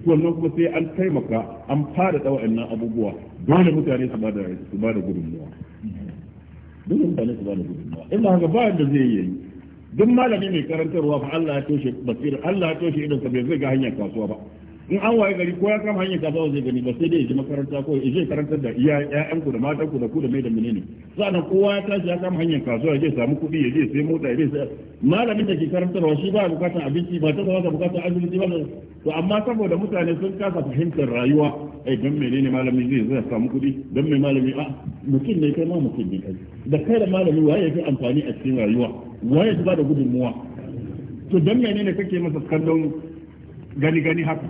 wannan kuma sai an taimaka an fara da wa'annan abubuwa dole mutane su bada su bada gudunmuwa dole mutane su bada gudunmuwa in haka ba da zai yi duk malami mai karantarwa fa Allah ya toshe basira Allah ya toshe idan sa bai zai ga hanyar kasuwa ba in an waye gari ko ya kama hanyar bawa zai gani ba sai dai ya je makaranta ko ya je karantar da iya ƴaƴan ku da matan ku da ku da mai da menene sannan kowa ya tashi ya kama hanyar kasuwa ya je samu kuɗi ya je sai mota ya je sai malamin da ke karantarwa shi ba bukatar abinci ba ta ba ta bukatar abinci ba to amma saboda mutane sun kasa fahimtar rayuwa ai eh, dan menene malami zai zai samu kuɗi dan mai malami a mutum ne kai ma mutum ne kai da kai da malami waye ya fi amfani a cikin rayuwa waye ba da gudunmuwa to dan menene kake masa kallon gani gani haka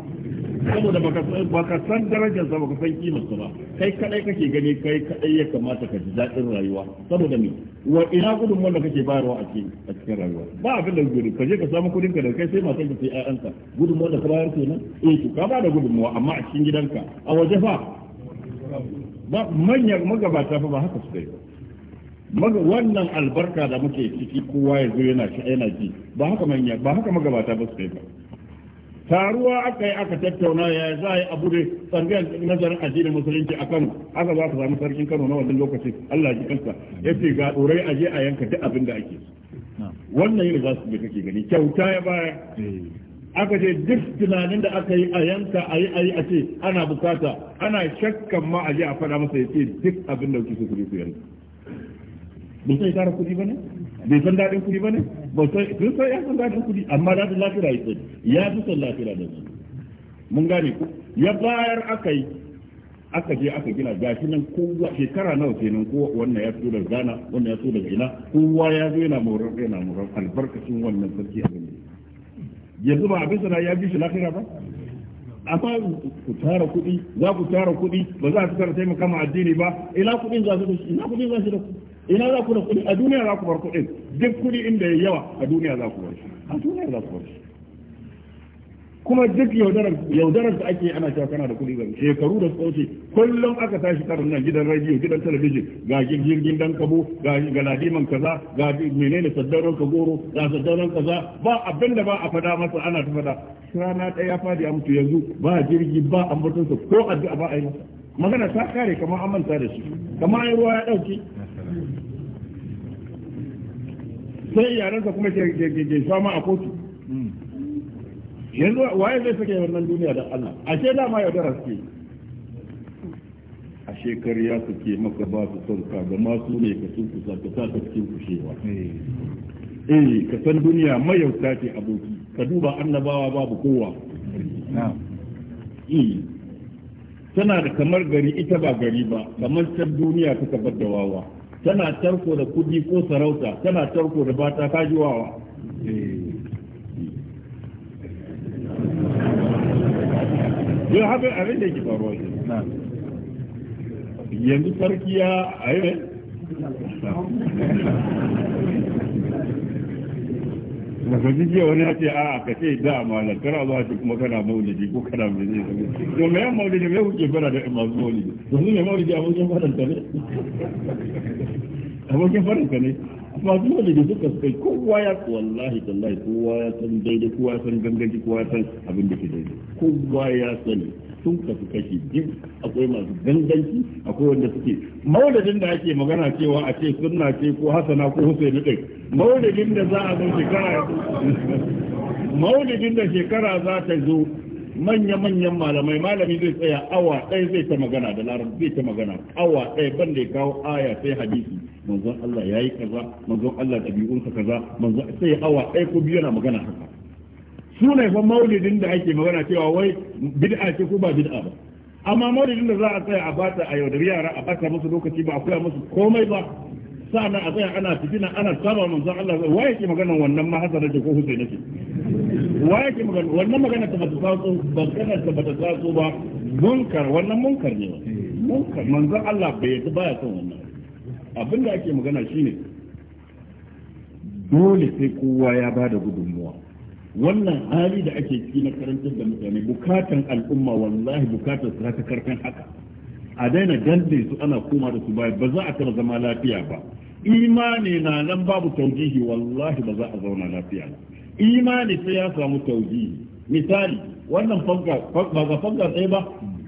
saboda baka san darajar sa baka san kimarsa ba kai kadai kake gani kai kadai ya kamata ka ji daɗin rayuwa saboda me wa ina gudun wanda kake bayarwa a cikin a cikin rayuwa ba abin da gudu ka je ka samu kudin ka da kai sai matan ka sai ka gudun wanda ka bayar kenan eh ka ba da wa amma a cikin gidanka a waje fa ba manyan magabata fa ba haka su yi maga wannan albarka da muke ciki kowa ya zo yana shi yana ji ba haka manya ba haka magabata ba su kai ba taruwa aka yi aka tattauna ya za a yi abu da tsangayar nazarin addinin musulunci a kano aka za su samu sarkin kano na wannan lokaci allah ji kansa ya ce ga ɗorai a je a yanka duk abin da ake wannan yin za su bi kake gani kyauta ya baya eh. aka ce duk tunanin da aka yi a yanka a yi a yi a ce ana bukata ana shakkan ma a je a faɗa masa ya ce duk abin da kuke so ku yanka bai sai tara kudi bane bai san dadin kudi bane ba sai sai ya san dadin kudi amma dadin lafiya ya san ya fi san lafiya da su mun gane ku ya bayar akai aka je aka gina gashi nan kowa shekara nawa kenan ko wannan ya fito gana Ghana wannan ya fito gina ina kowa ya zo yana moran yana moran albarkacin wannan sarki a gani yanzu ba abin sana ya bi shi lafiya ba amma ku tara kuɗi za ku tara kuɗi ba za fi tara taimaka ma addini ba kuɗin za su ina kuɗin za su da ku ina za ku da kuɗi a duniya za ku bar kuɗi? duk kuɗi inda ya yawa a duniya za ku bar shi a duniya za ku bar shi kuma duk yaudarar da ake ana cewa kana da kuɗi zan shekaru da tsoci kullum aka tashi karin nan gidan radio, gidan talabijin ga jirgin dan kabo ga galadiman kaza ga menene saddaron ka goro ga saddaron kaza ba abin ba a fada masa ana ta fada rana ɗaya ya fadi a mutu yanzu ba jirgi ba ambatonsa ko addu'a ba a yi masa magana ta kare kamar an manta da shi kamar ruwa ya ɗauki sai yaransa kuma ke shama a kotu hmm. yanzu waye zai sake wannan duniya da Allah ashe dama yaudara suke shekar ya suke maka ba su son ka ga masu ne ka sun kusa ka sa ta cikin kushewa hmm. eh ka san duniya yauta ce aboki ka duba annabawa babu kowa eh, tana da kamar gari ita ba gari ba kamar ta duniya ta bar da wawa tana tarko da kudi ko sarauta tana tarko da bata kajuwawa yi haɓe abin da yake faruwa yanzu sarki ya a yi da ka ji wani ya ce a ka ce da malam kana zuwa shi kuma kana maulidi ko kana maulidi ne to me yan maulidi me kuke fara da masu maulidi to su ne maulidi abokin faranta ne abokin faranta ne masu maulidi suka kai kowa ya wallahi tallahi kowa ya san daidai kowa ya san gangaji kowa ya san abin da ke daidai kowa ya sani sun kasu kashi biyu akwai masu ganganci akwai wanda suke maulidin da ake magana cewa a ce sunna ce ko hasana ko husaini din maulidin da za a zo shekara maulidin da shekara za ta zo manya-manyan malamai malami zai tsaya awa ɗaya zai ta magana da larabci zai ta magana awa ɗaya ban da ya kawo aya sai hadisi manzon Allah ya yi kaza manzon Allah ɗabi'unsa kaza manzon sai awa ɗaya ko biyu yana magana haka su ne fa maulidin da ake magana cewa wai bid'a ce ko ba bid'a ba amma maulidin da za a tsaya a bata a yaudari yara a bata musu lokaci ba a koya musu komai ba sa'annan a tsaya ana fitina ana saba san Allah wai yake magana wannan ma hasana ko husaina ce wai yake magana wannan magana ta bata ba kana ta bata tsatsu ba munkar wannan munkar ne munkar manzon Allah bai yadda baya son wannan abinda ake magana shine dole sai kowa ya bada gudunmuwa wannan hali da ake ciki na karantar da mutane bukatan al'umma wallahi bukatar su ta karfin haka a daina dande su ana koma da su baya ba za a tara zama lafiya ba imani na nan babu taujihi wallahi ba za a zauna lafiya imani sai ya samu taujihi misali wannan fanga ba ga fanga tsaye ba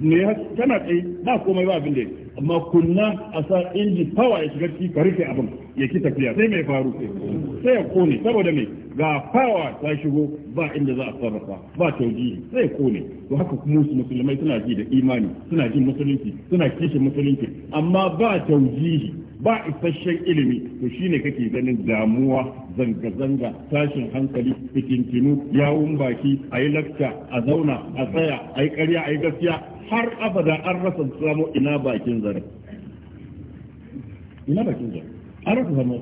ne tana tsaye ba komai ba abin da amma kunna a sa inji fawa ya shiga ciki rufe abin ya ki tafiya sai mai faru sai ya kone saboda mai ga fawa ta shigo ba inda za a sarrafa ba tauji sai ya kone to haka kuma musulmai suna ji da imani suna jin musulunci suna kishin musulunci amma ba taujihi ba isasshen ilimi to shine kake ganin damuwa zanga-zanga tashin hankali fitintinu yawun baki a yi lakta a zauna a tsaya a yi karya a yi gaskiya har abada an rasa samu ina bakin zara ina bakin zara an rasa samu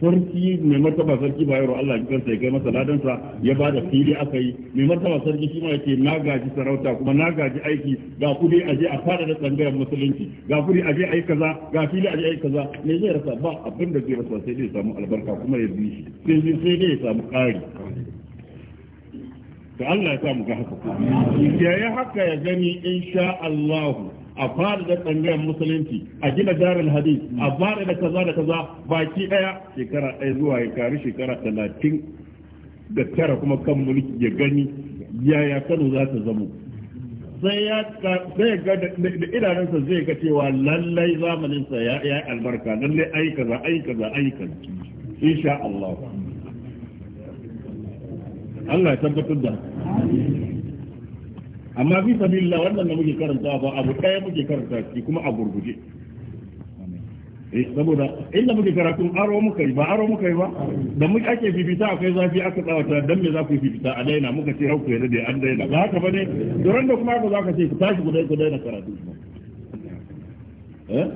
sarki mai martaba sarki ba yaro Allah ya sai kai masa ladansa ya ba da fili aka yi mai martaba sarki shi ma yake na gaji sarauta kuma na gaji aiki ga kudi a je a fara da tsangayar musulunci ga kudi a je a yi kaza ga fili a je a yi kaza me zai rasa ba abin da zai rasa sai dai samu albarka kuma ya bi shi sai dai ya samu ƙari to Allah ya sa mu ga haka ya yi haka ya gani inshaAllahu. Allah a fara da tsangayar musulunci a gina jarin hadis a fara da kaza da kaza baki daya shekara ɗaya zuwa ya kari shekara talatin da tara kuma kan mulki ya gani yaya kano za ta zamo sai ya ga da idanunsa zai ga cewa lallai zamaninsa ya yi albarka lallai ayi kaza ayi kaza ayi kaza insha Allah Allah ya tabbatar da amma fi sabilla wannan da muke karanta ba abu ɗaya muke karanta shi kuma a gurguje eh saboda inda muke karatu aro muka yi ba aro muka yi ba da muke ake fifita akwai zafi aka tsawata dan me za ku fifita a daina muka ce hauku yadda dai an daina ba haka bane duran da kuma ba za ka ce ku tashi ku daina karatu eh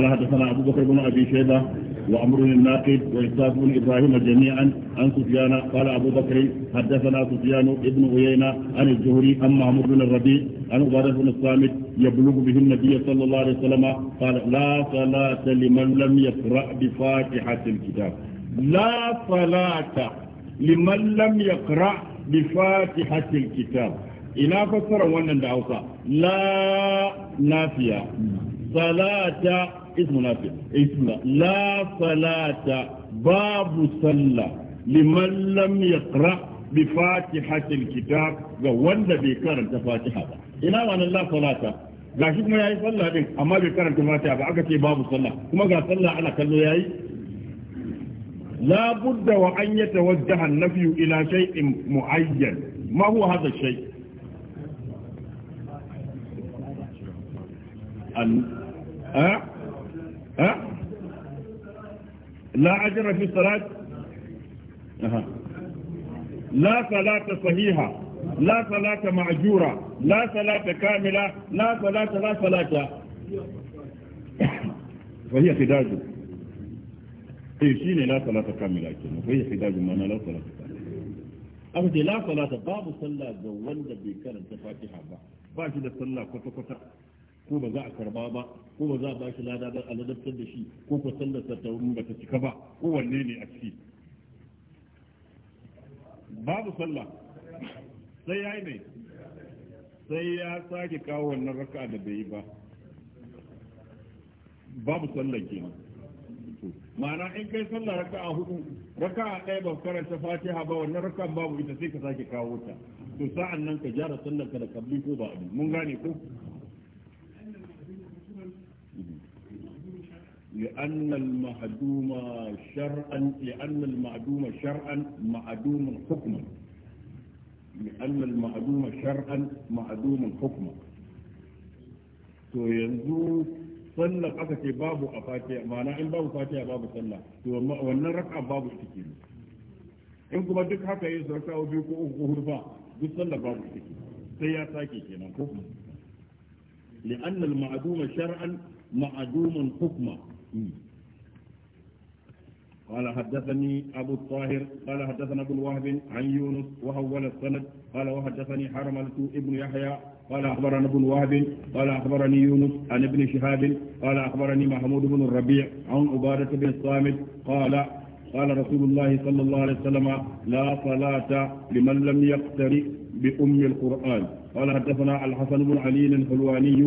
قال حدثنا أبو بكر بن أبي شيبة وعمر الناقد وإسحاق بن إبراهيم جميعا عن سفيان قال أبو بكر حدثنا سفيان بن عيينة عن الزهري عن محمود بن الربيع عن عبادة بن الصامت يبلغ به النبي صلى الله عليه وسلم قال لا صلاة لمن لم يقرأ بفاتحة الكتاب لا صلاة لمن لم يقرأ بفاتحة الكتاب إلى فسر وانا دعوة لا نافية صلاة اسم نافع اسم لا صلاة باب صلى لمن لم يقرأ بفاتحة الكتاب وند بكرة فاتحة إنا وانا لا صلاة gashi kuma yayi sallah din amma bai karanta mata ba aka ce babu sallah kuma ga sallah ana kallo yayi la budda wa an yatawajjaha an-nafyu ila shay'in mu'ayyan ma huwa hadha ha la fi salat la salata sahiha la salata ma'jura la salata kamila la salata la salata فهي خداج اي شيء لا صلاه كامله فهي خداج معناها لا صلاه aka ce la salata babu sallah ga wanda bai karanta fatiha ba ba shi da sallah kwata ko ba za a karba ba ko ba za a bashi lada ba a ladabtar da shi ko ko sallar ta ba ta cika ba ko wanne ne a ciki babu sallah sai yayi ne sai ya sake kawo wannan raka'a da bai yi ba babu sallah kenan ma'ana in kai sallah raka'a hudu raka'a ɗaya ba karanta fatiha ba wannan raka'an babu ita sai ka sake kawo ta to sa'an nan ka jara sallar ka da kabli ko ba mun gane ko لأن المعدوم شرعا لأن المعدوم شرعا معدوم حكما لأن المعدوم شرعا معدوم حكما تو ينزو صلى قفك باب أفاتي معنى إن باب أفاتي باب صلى تو ونرفع باب التكين إن كما دك حكا يزركا وبيكو أغهرفا دو صلى باب التكين سياساكي كنا لأن المعدوم شرعا معدوم حكما قال حدثني أبو الطاهر قال حدثنا أبو الوهب عن يونس وهول السند قال وحدثني حرملة ابن يحيى قال أخبرنا أبو الوهب قال أخبرني يونس عن ابن شهاب قال أخبرني محمود بن الربيع عن عبادة بن الصامت قال قال رسول الله صلى الله عليه وسلم لا صلاة لمن لم يقترئ بأم القرآن قال حدثنا الحسن بن علي الحلواني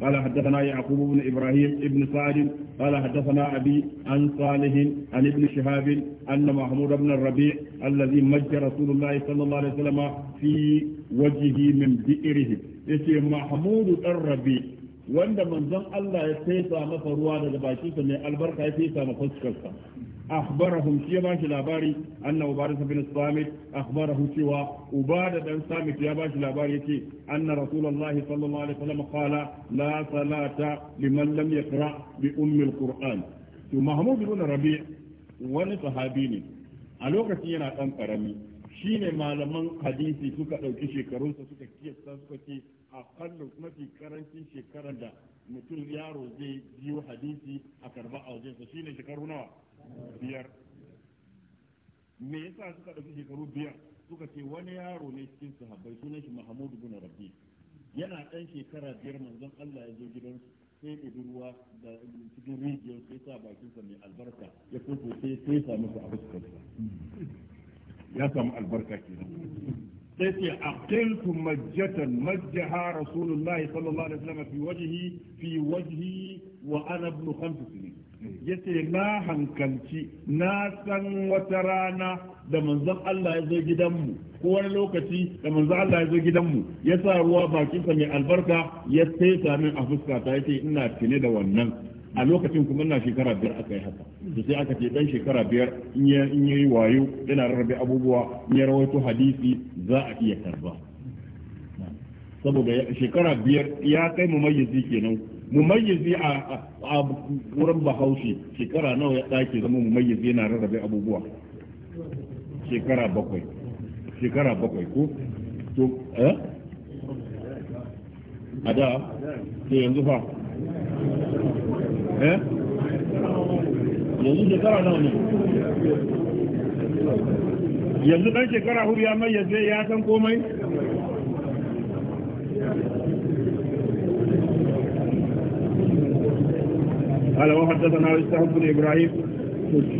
قال حدثنا يعقوب بن إبراهيم بن سعد قال حدثنا أبي عن صالح عن ابن شهاب أن محمود بن الربيع الذي مج رسول الله صلى الله عليه وسلم في وجهه من بئره يسي محمود الربيع wanda manzon Allah ya fesa masa ruwa daga bakinsa mai albarka ya fesa masa fuskarsa أخبرهم سيباش لاباري أن عبادة بن الصامت أخبره سوى عبادة بن الصامت يباش لاباري أن رسول الله صلى الله عليه وسلم قال لا صلاة لمن لم يقرأ بأم القرآن محمود بن ربيع wani sahabi ne a lokacin yana ɗan ƙarami shi ne malaman hadisi suka ɗauki shekarunsa suka kiyasta suka a kallon mafi karancin shekarar da mutum yaro zai biyo hadisi a karba a wajensa shi ne shekaru nawa biyar me yasa suka ɗauki shekaru biyar suka ce wani yaro ne cikin sahabbai sunan shi Mahmud bin Rabi yana ɗan shekara biyar manzon Allah ya zo gidan sai ɗebi ruwa da cikin rijiyar sai sa mai albarka ya koko sai sai samu su a fuskarsa ya samu albarka kenan sai ce aqiltu majjatan majjaha rasulullahi sallallahu alaihi wasallam fi wajhi fi wajhi wa ana ibn khamsi yace na hankalci na san wata rana da manzon Allah ya zo gidanmu ko wani lokaci da manzon Allah ya zo gidanmu ya sa ruwa bakinsa mai albarka ya fesa min a fuskata yace ina tune da wannan a lokacin kuma na shekara biyar aka yi haka da sai aka ce dan shekara biyar in ya yi wayo yana rarrabe abubuwa in ya rawaito hadisi za a iya karba saboda shekara biyar ya kai mu mayyazi kenan mumayyizi a wurin bahaushe shekara nawa ya ɗake zama mumayyizi yana rarrabe abubuwa shekara bakwai shekara bakwai ko to eh ada to yanzu fa eh yanzu shekara nawa ne yanzu dan shekara hudu ya mayyaze ya san komai قال وحدثنا استحب بن ابراهيم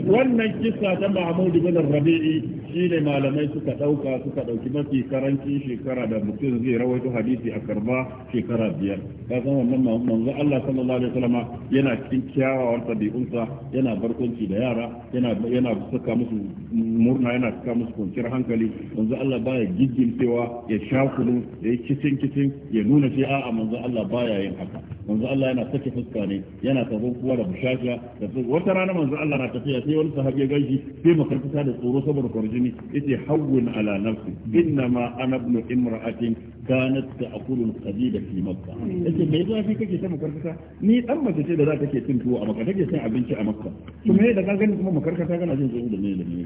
والنجس تم عمود بن الربيعي shi ne malamai suka ɗauka suka ɗauki mafi karancin shekara da mutum zai rawaito hadisi a karba shekara biyar ka san wannan manzo Allah sallallahu alaihi wasallam yana cikin kyawawan tabi'unsa yana barkwanci da yara yana yana saka musu murna yana saka musu kwanciyar hankali manzo Allah baya giggimcewa ya sha kunu ya yi kicin kicin ya nuna shi a'a manzo Allah baya yin haka manzo Allah yana sake fuska ne yana tabon kowa da bushasha da wata rana manzo Allah na tafiya sai wani sahabi ya gaji sai makarkata da tsoro saboda kwarjini musulmi yace hawwun ala nafsi inna ma ana ibnu imra'atin kanat ta'kulu al-qadida fi makka yace me yasa fi kake ta makarkata ni dan mace ce da za ta ke cin tuwo a makka take cin abinci a makka kuma yayin da ka gani kuma makarkata kana jin tsoro da me da me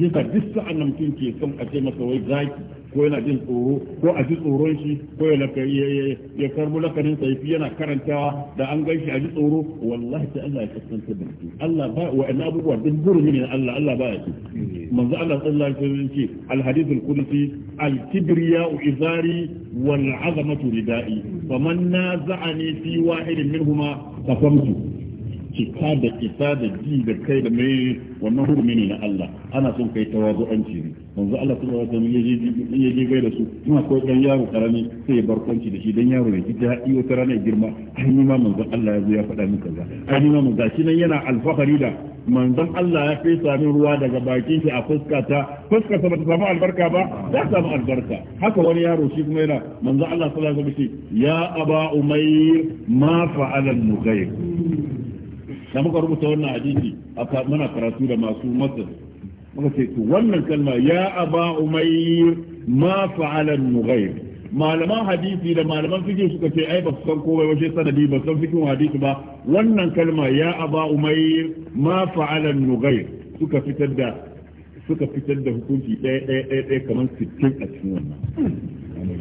yasa duk sa'an nan mutum ke son a ce masa wai zaki ko yana jin tsoro ko a ji tsoron shi ko ya ya karbo lakarin saifi yana karantawa da an gan shi a ji tsoro wallahi ta Allah ya kasance da shi Allah ba wa ina abubuwa duk gurmi ne Allah Allah ba ya ci manzo Allah sallallahu alaihi wasallam ce al hadith al qudsi al kibriya izari wal azamatu ridai faman naza'ani fi wahidin minhuma fakamtu cika da isa da ji da kai da mai wannan hurumi ne na Allah ana son kai tawazu'anci ne yanzu Allah kuma ya sami ya je gai da su kuma akwai dan yaro karami sai ya barkwanci da shi dan yaro ne gida iyo ta ranar girma ai ni ma manzon Allah ya zo ya faɗa min kaza ai ni ma manzon shi nan yana alfahari da manzon Allah ya fesa min ruwa daga bakin shi a fuska ta fuska ta bata samu albarka ba ta samu albarka haka wani yaro shi kuma yana manzon Allah sallallahu alaihi wasallam ya aba umayr ma fa'ala al-mughayr da muka rubuta wannan hadisi a mana karatu da masu masar muka ce to wannan kalma ya aba umayr ma fa'ala nughayr malaman hadisi da malaman fiqh suka ce ai ba san komai ba sai sanadi ba san fiqh hadisi ba wannan kalma ya aba umayr ma fa'ala nughayr suka fitar da suka fitar da hukunci ɗaya ɗaya ɗaya ɗaya kamar sittin a cikin wannan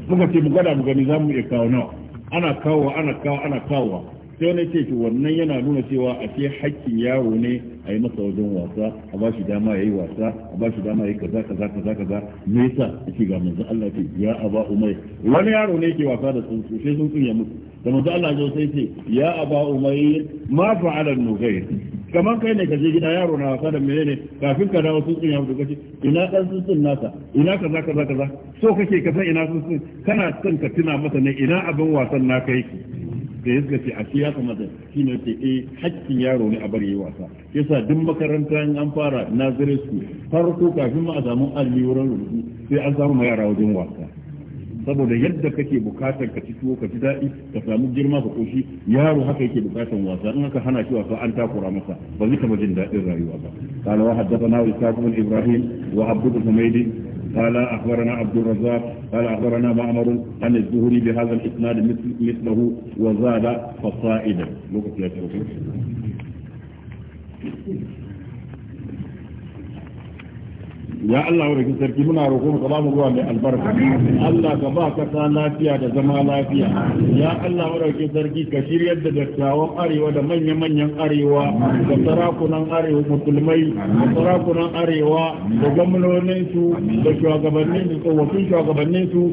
muka ce mu gada mu gani za mu iya kawo nawa ana kawo ana kawo ana kawo sai na ce ki wannan yana nuna cewa a ce haƙƙin yaro ne a yi masa wajen wasa a ba shi dama ya yi wasa a ba shi dama ya yi kaza kaza kaza kaza me yasa yake ga manzo Allah ce ya aba umai wani yaro ne yake wasa da tsuntsu sai tsuntsun ya mutu da manzo Allah ya sai ce ya aba umai ma fa'ala nugayr kamar kai ne ka je gida yaro na wasa da menene kafin ka dawo tsuntsun ya mutu kace ina dan tsuntsun nasa ina kaza kaza kaza so kake ka san ina tsuntsun kana son ka tuna masa ne ina abin wasan naka yake da ya ce a ya kamata shi ne ce e eh, hakkin yaro ne a bari yi wasa yasa duk makaranta in an fara nazare su farko kafin ma a samu alli wurin rubutu sai an samu yara wajen wasa saboda yadda kake bukatar ka ci tuwo ka ji daɗi ka samu girma ka koshi yaro haka yake bukatar wasa in aka hana shi wasa an takura masa ba zai taɓa jin daɗin rayuwa ba قال haddasa إسحاق ibrahim wa وعبد الحميد قال أخبرنا عبد الرزاق قال أخبرنا معمر عن الزهري بهذا الإسناد مثله وزاد فصائدا ya Allah wa rikin sarki muna roƙon ka ba mu ruwa mai albarka Allah ka ba ka sa lafiya da zama lafiya ya Allah wa rikin sarki ka shiryar da dattawan arewa da manyan manyan arewa da sarakunan arewa musulmai da sarakunan arewa da gwamnonin su da shugabannin su tsofaffin shugabannin su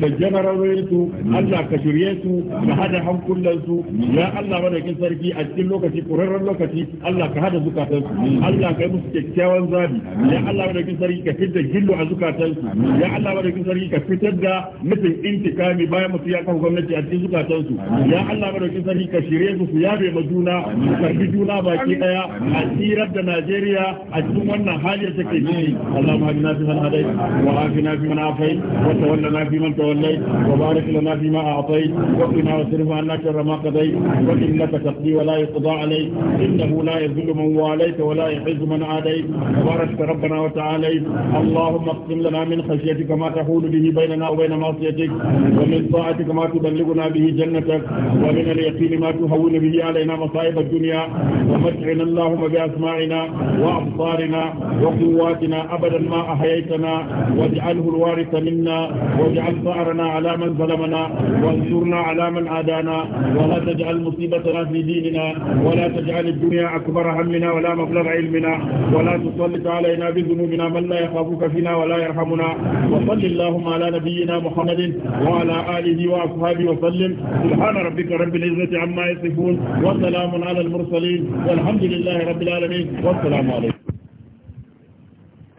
da janararorin su Allah ka shirye su ka hada hankulan su ya Allah wa rikin sarki a cikin lokaci kurarren lokaci Allah ka hada zukatan su Allah ka yi musu kyakkyawan zabi ya Allah wa madaukin sarki ka fitar da gillo a zukatansu ya Allah madaukin sarki ka fitar da mutum intikami bayan mutum ya kafa gwamnati a cikin zukatansu ya Allah madaukin sarki ka shirye su su yabe ma juna su karbi juna baki daya a tsirar da Najeriya a cikin wannan halin da take ciki Allah ma na fi man hadai wa afina fi man afai wa tawallana fi man tawallai wa barik lana fi ma a'tai wa qina wa sirfa anna sharra ma qadai wa innaka taqdi wa la yuqda alayk innahu la yadhillu man walayta wa la yuhizzu man adayt wa rabbana wa ta'ala عليك اللهم اقسم لنا من خشيتك ما تحول به بيننا وبين معصيتك ومن طاعتك ما تبلغنا به جنتك ومن اليقين ما تهون به علينا مصائب الدنيا ومتعنا اللهم بأسماعنا وأبصارنا وقواتنا أبدا ما أحييتنا واجعله الوارث منا واجعل ثأرنا على من ظلمنا وانصرنا على من عادانا ولا تجعل مصيبتنا في ديننا ولا تجعل الدنيا أكبر همنا ولا مبلغ علمنا ولا تسلط علينا بذنوبنا منا من لا يخافك فينا ولا يرحمنا وصل اللهم على نبينا محمد وعلى آله وأصحابه وسلم سبحان ربك رب العزة عما يصفون وسلام على المرسلين والحمد لله رب العالمين والسلام عليكم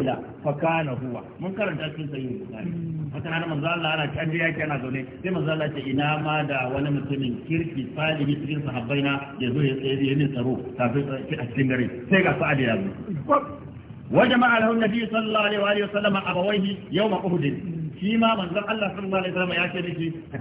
ana ta sai manzo ina ma da wani mutumin kirki salihi cikin ya zo ya tsaye ya ne tsaro kafin a cikin dare sai ga وجمع له النبي صلى الله عليه وآله وسلم أبويه يوم أهد فيما من الله صلى الله عليه وسلم يأتي